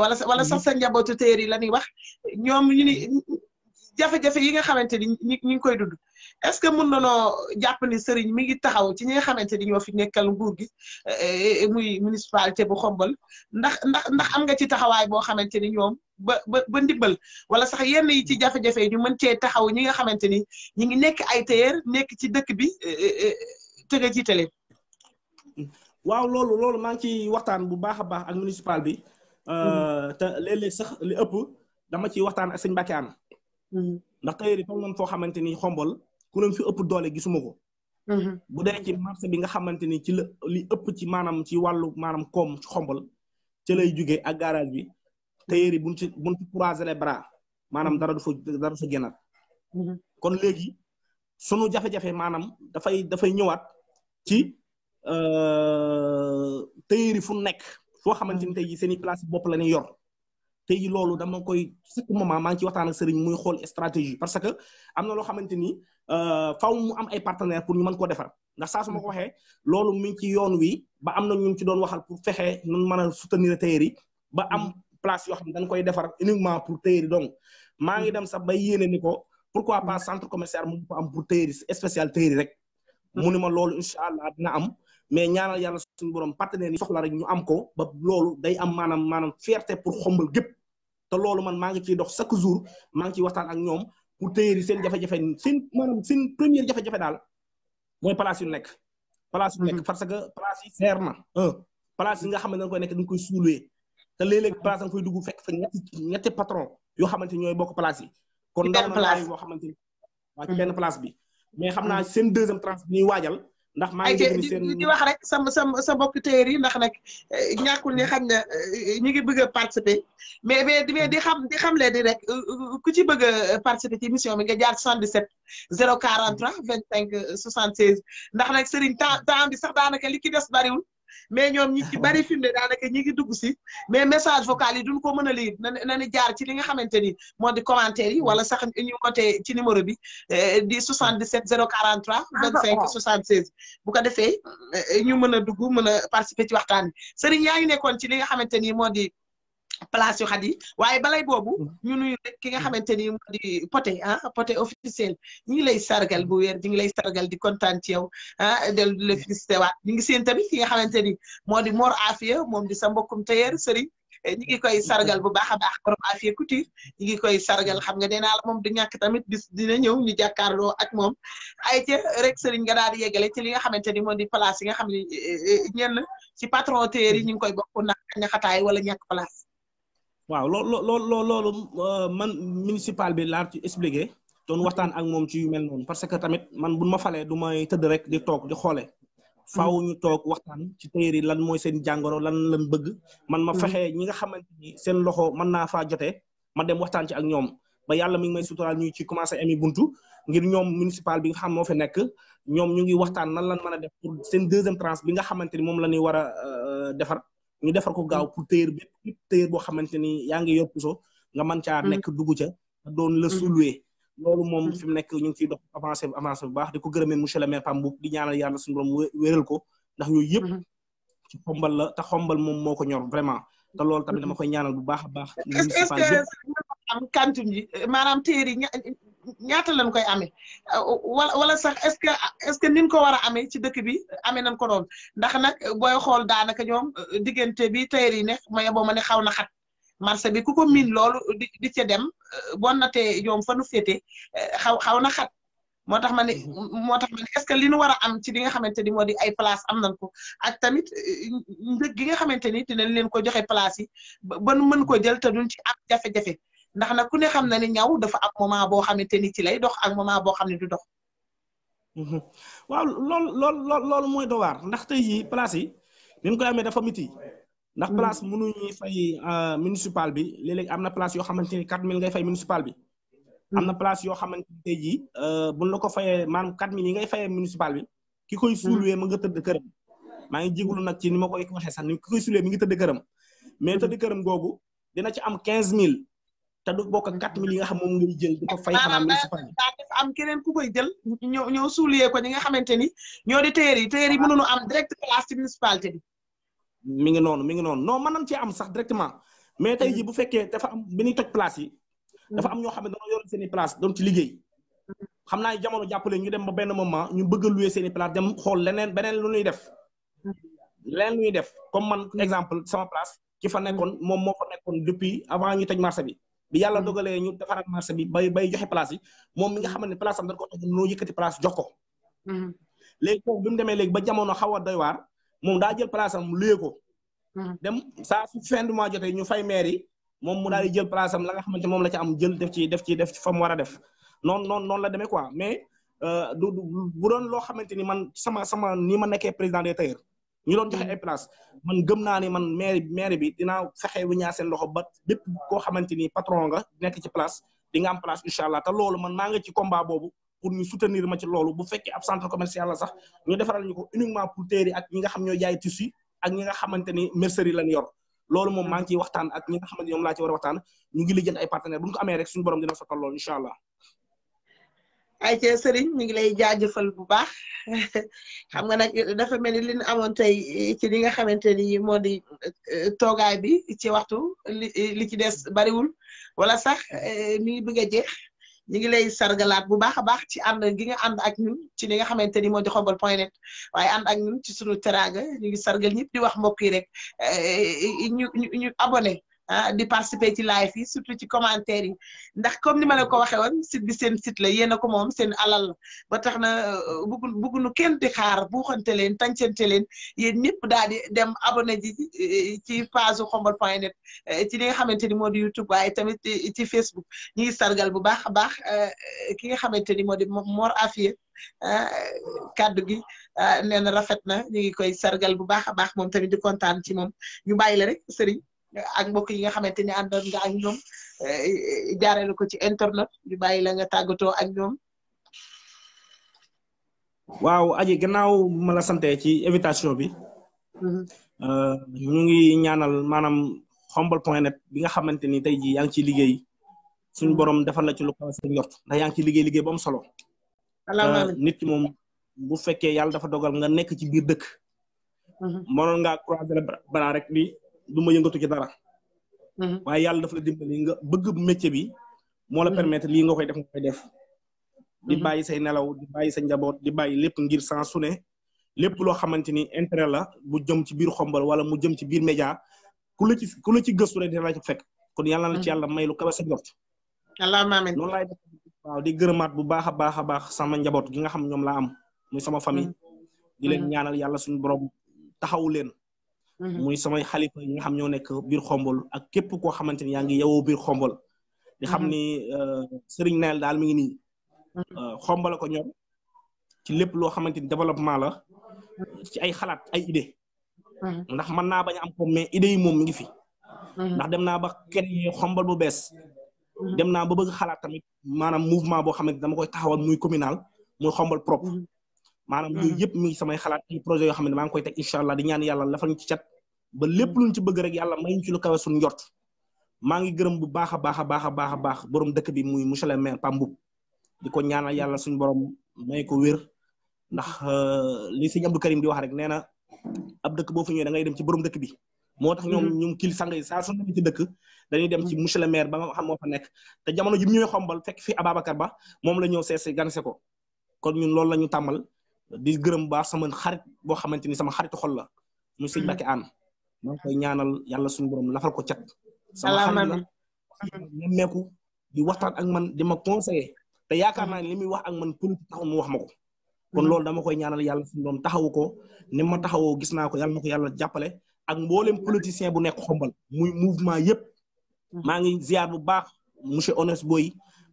wala wala sax sa njabootu téer yi la ñuy wax ñoom ñu ni jafe-jafe yi nga xamante ni ñu ngi koy dund est-ce que mën nanoo jàpp ni mi ngi taxaw ci ñi nga xamante ni ñoo fi nekkal nguur gi eh, eh, muy municipalité bu xombal ndax ndax ndax am nga ci taxawaay boo xamante ni ñoom ba ba ba ndimbal wala sax yenn yi ci jafe-jafe yi ñu mën cee taxaw ñi nga xamante ni ñi ngi nekk ay tailleur nekk ci dëkk bi eh, tëgg jiitale. waaw loolu loolu maa ngi ciy waxtaan bu baax a baax ak municipal bi. Mm-hmm. Euh, te léeg-léeg sax li ëpp dama ci waxtaan ak sëñ Mbacke mm-hmm. ndax tailleur yi toog nañ foo xamante ni xombal. ku leen fi ëpp doole gisuma ko. Mm-hmm. bu dee ci marché bi nga xamante ni ci la li ëpp ci maanaam ci wàllu maanaam koom ci xombal ci lay jugee ak garage bi tailleur yi buñ ci buñ ci croiser maanaam mm-hmm. dara du fa dara du fa mm-hmm. kon léegi sunu jafe maanaam dafay dafay ñëwaat ci tailleur yi fu nekk. foo xamante ni tey jii seen i place bopp la ñuy yor. tey loolu dama koy chaque moment maa ngi waxtaan ak sëriñ muy xool stratégie parce que am na loo xamante Euh, faw mu am ay partenaires pour ñu man ko defar ndax saa su ma ko waxee loolu mi ngi ci yoon wi ba am na ñu ci doon waxal pour fexe nun mën a soutenir tailleur ba am mm-hmm. place yoo xam ne dañ koy defar uniquement pour tailleur yi donc maa ngi mm-hmm. dem sax bay ni ko pourquoi pas mm-hmm. centre commercial mu am pour tailleur yi spécial rek mu ni ma loolu incha allah dina am mais ñaanal yàlla suñu borom partenaires soxla rek ñu am ko ba loolu day am maanaam maanaam fierté pour xombal gépp te loolu man maa ngi ciy dox chaque jour maa ngi ciy waxtaan ak ñoom pour téyeer yi seen jafe-jafe seen maanaam seen première jafe-jafe daal mooy palace yu nekk. palace yu nekk mhm. parce que place yi seer na. un place yi nga xam ne dañ koy nekk dañ koy suulee te léeg-léeg place nga koy dugg fekk fa ñetti ñetti patron yoo xamante ñooy bokk place yi. kon ndaw na yoo xamante ni. waa ci mhm. benn place bi. mais xam na seen deuxième tranche bi ñuy ndax maa ngi seen di wax rek sama sama sa mbokk téer yi ndax nag eh, ñàkkul ne xam na ñu ngi bëgg a participer mais mais di xam di xam leen di rek eh, eh, ku ci bëgg a participer ci émission bi nga jaar 77 043 25 76 ndax nag Serigne temps temps bi sax daanaka li ki des bariwul. mais ñoom ñi bari fi mu ne daanaka ñi ngi dugg si mais message vocal yi duñ ko mën a lire na ni jaar ci li nga xamante ni moo di commentaire yi wala sax ñu noté ci numéro bi eh, di 77 043 25 76 bu ko defee eh, ñu mën a dugg mën a participer ci waxtaan bi sëriñ yaa ngi nekkoon ci li nga xamante ni moo di place yo xat waaye balay boobu mm. ñu nuyu ki nga xamante ni moo di poté ah poté officiel ñu ngi lay sargal bu wér ñu ngi lay sargal di kontaan ci yow ah del di la mm. félicité waat ñu ngi seen tamit ki nga xamante ni moo di Mor Afia moom di sa mbokkum tailleur Serigne eh, ñu ngi koy sargal bu baax a baax borom Afia Couture ñu ngi koy sargal xam nga nee naa la moom di ñàkk tamit dina ñëw ñu jàkkaarloo ak moom ay ca rek Serigne nga daal di yeggale ci li nga xamante ni moo di place yi nga xam ne eh, eh, ñenn ci patron tailleur yi ñu ngi koy bokk ndax ñaxataay wala ñàkk place waaw lo lo lo man municipal bi laa ci expliqué doon waxtaan ak moom ci yu mel noonu parce que tamit man bu ma falee du may tëdd rek di toog di xoole faaw ñu toog waxtaan ci téere lan mooy seen jàngoro lan lan bëgg man ma hmm. fexe ñi nga xamante ni seen loxo mën naa faa jotee ma dem waxtaan ci ak ñoom ba yàlla mi ngi may sutural ñuy ci commencé ami buntu ngir ñoom municipal bi nga xam moo fi nekk ñoom ñu ngi waxtaan nan lan mën a def pour seen deuxième trans bi nga xamante ni moom la ñuy war a euh, defar ñu defar ko gaaw pour téyër bépp bépp téyër boo xamante ni yaa ngi yóbbu so nga man caa mm. nekk dugg ca don la mm. souloué loolu moom mm. fi mu nekk ñu ngi ciy dox avancé avancé bu baax di ko gërëmee monsieur le maire Pambouk di ñaanal yàlla suñu borom wéral ko ndax yooyu yëpp mm-hmm. ci xombal la ta xombal moom moo ko ñor vraiment te loolu tamit dama koy ñaanal bu baax a baax municipal bi am kantum yi maanaam téer ñaata lañ koy amee wala wala sax est-ce que est-ce que nin ko war a amee ci dëkk bi amee nañ ko doon ndax nag booy xool daanaka ñoom euh, diggante bi tayër yi ne mooy boo ma ne xaw na xat marché bi ku ko miin loolu di di ca dem euh, boo natee ñoom fa nu féete euh, xaw xaw na xat moo tax ma ne mhm. moo tax ma ne que li nu war a am ci li nga xamante ni moo di ay place am nañ ko ak tamit njëg gi nga xamante ni dinañ leen ko joxe place yi ba nu mën ko jël te duñ ci am jafe ndax nag ku ne xam na ni ñaw dafa ak moment boo xamanteni ci lay dox ak moment boo xam ne du dox. Mhm. waaw lool lool lool loolu mooy dowaar ndax tey yi place yi ni ñu koy amee dafa miti ndax mhm. place mënu ñuy fay euh, municipal bi léeg-léeg am na place yoo xamante ni 4000 ngay fay municipal bi. Mhm. am na place yoo xamante ni tey jii euh, buñ la ko fayee maanaam 4000 yi ngay fayee municipal bi ki koy suulee ma nga tëdd këram. maa ngi jégalu nag ci ni ma koy waxee sax ni ki koy suulee mi ngi tëdd këram mais tëdd këram googu dina ci am 15000 te du bok ak quatre mille yi nga xam mom ngay jël di ko fay xanaa municipal daa def am keneen ku koy jël ñoo ñoo soulié ko ñi nga xamanteni ñoo di téré yi mënu ñu am direct place municipalité bi mi ngi noonu mi ngi noonu non manam ci am sax directement mais tay ji bu fekkee dafa am bi ñuy toj place yi dafa am ñoo xam dañu dañoo yor seen place doon ci liggéey xamna naa jamono jàppale ñu dem ba benn moment ñu bëgg a louer seen place dem xol leneen benen lu ñuy def leneen lu ñuy def comme man exemple sama place ki fa nekkon mom moko nekkon depuis avant ñu tej marché bi bi yàlla hmm. dogalee ñu defaraat marché bi bay bay joxe place moom mi nga xamante ne place am dañ ko tax yëkkati place jox ko. Hmm. léegi foofu bi demee léegi ba jamono xaw a doy waar moom daa jël place am luye ko. Hmm. dem saa su fin mois jotee ñu fay maire moom mu daal di jël place am la nga xamante moom la ci am jël def ci def ci def ci fa mu war a def noonu noonu noonu la demee quoi mais euh, du bu doon loo xamante ni man sama sama ni ma nekkee président des tailleurs. ñu doon joxe influence mm. man gëm naa ni man maire maire bi dinaa fexe wu ñaa seen loxo ba bépp koo xamante ni patron nga nekk ci place di nga am place incha allah te loolu man maa nga ci combat boobu pour ñu soutenir ma ci loolu bu fekkee ab centre commercial la sax ñu defaral ñu ko uniquement pour téeri ak ñi nga xam ñoo jaay tissu ak ñi nga xamante ni mercerie lañ yor loolu moom maa ngi ciy waxtaan ak ñi nga xamante ñoom laa ci war a waxtaan ñu ngi lijjant ay partenaire bu ñu ko amee rek suñu borom dina sottal loolu incha allah ayca sëriñ ñu ngi lay jaajëfal bu baax <laughs> xam nga nag dafa mel ni li amoon tey eh, ci li nga xamante ni moo di eh, toogaay bi ci waxtu li eh, li ci des bariwul wala sax mi ngi bëgg a jeex ñu ngi lay sargalaat bu baax a baax ci ànd gi nga ànd ak ñun ci li nga xamante ni moo di xombal point waaye ànd ak ñun ci sunu teraaga ñu ngi sargal ñëpp di wax mbokk yi rek ñu ñu ñu Ah, di participer ci live yi surtout ci commentaire yi ndax comme ni ma la ko waxee woon site bi seen site la yéen a ko moom seen alal ba tax na euh, bëggu bëggunu kenn di xaar buuxante leen tàncante leen yéen ñëpp daal di dem abonné ji ci page Khombole point euh, ci li nga xamante ni moo di YouTube waaye tamit ci Facebook ñu ngi sargal bu baax a baax euh, ki nga xamante ni moo di Mor Afia ah, kaddu gi ah, nee na rafet na ñu ngi koy sargal bu baax a baax moom tamit di kontaan ci moom ñu bàyyi la rek ak mbokk yi nga xamante ne àndoon nga ak ñoom eh, eh, jaarale ko ci internet di bàyyi la nga tàggatoo ak ñoom. waaw aji gannaaw ma la sante ci invitation bi. Mm-hmm. Euh, ñu ngi ñaanal maanaam xombal point net bi nga xamante ni tey jii yaa ngi ciy liggéey suñu mm-hmm. borom defal la ci lu ko sa njort ndax yaa ngi ciy liggéey liggéey bu am solo. Euh, nit ki moom bu fekkee yàlla dafa dogal nga nekk ci biir dëkk. Mm-hmm. mënoon nga croiser le bras rek ni du ma yëngatu ci dara mhm. waaye yàlla dafa la dimbali nga bëgg métier bi moo la mhm. permettre lii nga koy def nga koy def di mhm. bàyyi say nelaw di bàyyi sa njaboot di bàyyi lépp ngir sans su ne lépp loo xamante ni intérêt la bu jëm ci biir xombal wala mu jëm ci biir média ku la ci ku la ci gëstu rek dina ci fekk kon yàlla na ci yàlla may lu kawe sa njort allahumma amin noonu lay def waaw di gërëmaat bu baax a baax a baax sama njaboot gi nga xam ñoom la am muy sama famille di leen ñaanal yàlla suñu borom taxawu leen Mm-hmm. muy samay xalifa yi nga xam ñoo nekk biir xombol ak képp koo xamante ni yaa ngi yewoo biir xombol di xam mm-hmm. ni euh, Serigne Nel daal mi ngi nii mm-hmm. euh, xombal ko ñoom ci lépp loo xamante ni développement la ci ay xalaat ay idée ndax mën naa bañ am ko mais idée yi moom mi ngi fi ndax dem naa ba kenn xombal bu bees dem naa ba bëgg xalaat tamit maanaam mouvement boo xamante dama koy taxawal muy communal muy xombal propre manam hmm. yooyu yëpp mi sama samay xalaat ci projet yo xamne ne ngi koy tek inshallah di ñaan yalla la fañ ci chat ba lepp luñ ci bëgg rek yalla may ñu ci lu kawé sun ñort maa ngi gërëm bu baaxa baaxa baaxa baaxa baax borom dëkk bi muy monsieur le maire Pambou diko ñaanal yalla suñu borom may ko wër ndax euh, li sëñ Abdou Karim di wax rek neena ab dëkk bo fa ñëw da ngay dem ci borom dëkk bi motax ñom hmm. ñum kil sangay sa su ci dëkk dañuy dem ci hmm. monsieur le maire ba nga xam mo fa nekk te jamono ji ñuy xombal fekk fi ababakar Ba mom la ñëw seese ganse ko kon ñun loolu lañu tamal di gërëm baax sama xarit boo xamante ni sama xaritu xol la mu sëñ Mbacke Anne maa ngi koy ñaanal yàlla suñu borom lafal ko cat. sama xarit la nemmeeku di waxtaan ak man di ma conseiller te yaakaar naa ne li muy wax ak man politique taxul mu wax ma ko. kon hmm. loolu dama koy ñaanal yàlla suñu doom taxawu ko ni ma taxawoo gis naa ko yàlla na ko yàlla jàppale ak mboolem politicien bu nekk xombal muy mouvement yëpp hmm. maa ngi ziar bu baax monsieur Honest booy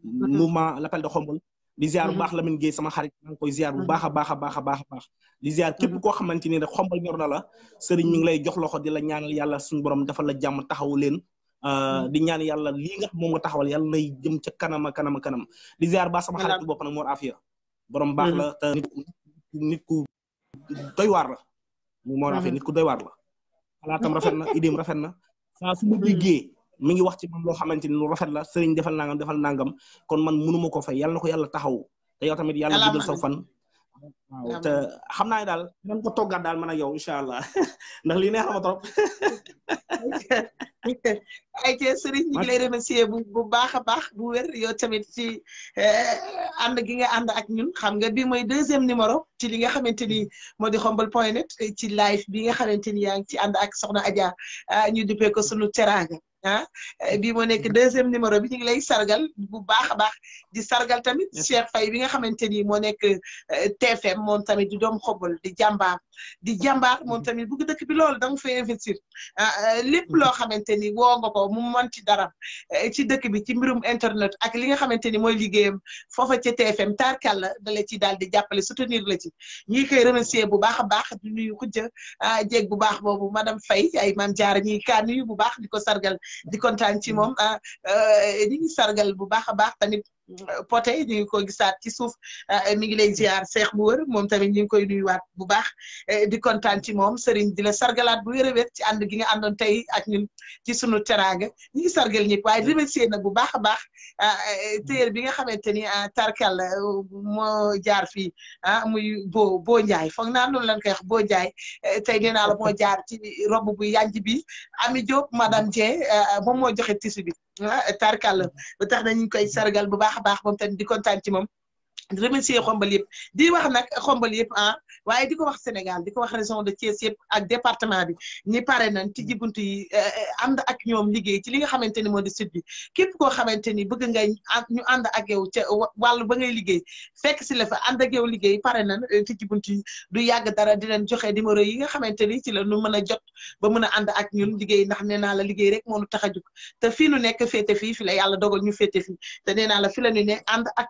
hmm. mouvement l'appel de xombal di ziar bu baax min gey sama xarit maa koy ziar bu baaxa mhm. baaxa baaxa a baax baax di ziar mhm. képp koo xamante ni rek xombal ñor na la sëriñ mi ngi lay jox loxo di la ñaanal yàlla suñu borom dafa la jàmm taxaw leen mhm. ah, di ñaan yàlla li nga moom taxawal yàlla lay jëm ca kanama kanama kanam di ziar baax sama xarit bopp nag Afia borom baax la te nit nit ku doy war la Afia nit ku doy war la xalaatam rafet na <laughs> idéem rafet na saa su mi ngi wax ci mom lo xamanteni lu rafet la serigne defal nangam defal nangam kon man munuma ko fay yalla nako ko taxaw te yow tamit yalla guddal sa fan te xamna dal nan ko togga dal man ak yow inshallah <laughs> ndax li neex na ma trop ay te serigne ngi lay remercier bu bu baax bu wér yow tamit ci and eh, gi nga and ak ñun xam nga bi moy deuxième numéro ci li nga xamanteni modi point net ci live bi nga xamanteni yaang ci and ak soxna Adja ah, ñu duppee ko sunu teranga ah bii moo nekk deuxième numéro bi ñu ngi lay sargal bu baax a baax di sargal tamit Cheikh fay bi nga xamante ni moo nekk euh, TFM moom tamit di doom xobal di jàmbaar di jàmbaar moom mm-hmm. tamit bëgg dëkk bi loolu dam nga fay investir ah, euh, lépp mm-hmm. loo xamante ni woo nga ko mu mën ci dara euh, ci dëkk bi ci mbirum internet ak li nga xamante ni mooy liggéeyam foofa ca TFM tarkal la dala ci daal di jàppale soutenir la ci ñi ngi koy remercier bu baax a baax di nuyu xujja ah, jeeg bu baax boobu madame fay ay maam Diarra ñi kaa bu baax di ko sargal di kontaan ci moom mm-hmm. ah, euh, ñu ngi sargal bu baax a baax tamit pote ñu ngi ko gisaat ci suuf eh, mi ngi lay ziar seex bu wër moom tamit ñu ngi koy nuyuwaat bu baax eh, di kontaan ci moom Serigne di la sargalaat bu wér a wér ci ànd gi nga àndoon tey ak ñun ci sunu teraanga ñu ngi sargal ñëpp waaye remercier nag bu baax a baax ah, eh, téer bi nga xamante ni ah, tarkal moo jaar fii ah muy boo boo njaay foog naa noonu lañ koy wax boo njaay tey nee moo jaar ci rob bu yanj bi Ami Diop madame Dieng moom moo joxe tissu bi ah tarkal mm. ba tax nañu koy sargal bu baax a baax moom tamit di kontaan ci moom remercier xombal yëpp di wax nag xombal yëpp ah waaye di ko wax Sénégal di ko wax région de Thiès yëpp ak département bi ñi pare nañ ci jibuntu yi eh, eh, ànd ak ñoom liggéey ci li nga xamante ni moo di sud képp koo xamante ni bëgg nga ñu ànd ak yow ca wàllu ba ngay liggéey fekk si la fa ànd ak yow liggéey pare nañ eh, ci jibuntu yi du yàgg dara di leen joxe numéro yi nga xamante ni ci la nu mën a jot ba mën a ànd ak ñun liggéey ndax nee naa la liggéey rek moo nu tax a jóg te fii nu nekk féete fii fi la yàlla dogal ñu féete fii te nee la fi la ne ànd ak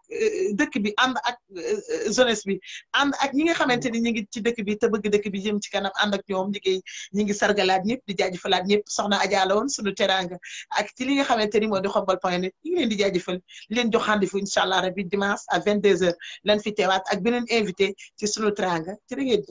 dëkk bi ànd ànd ak euh, jeunesse bi ànd ak ñi nga xamante ni ñu ngi ci dëkk bi te bëgg dëkk bi jëm ci kanam ànd ak ñoom ñi ngi ñi ngi sargalaat ñëpp di jaajëfalaat ñëpp soxna Adja woon sunu teraanga ak ci li nga xamante ni moo di xombal point net ñu di jaajëfal di leen joxandi rendez-vous incha allah rabi dimanche à 22h leen fi teewaat ak beneen invité ci sunu teraanga ci la ngeen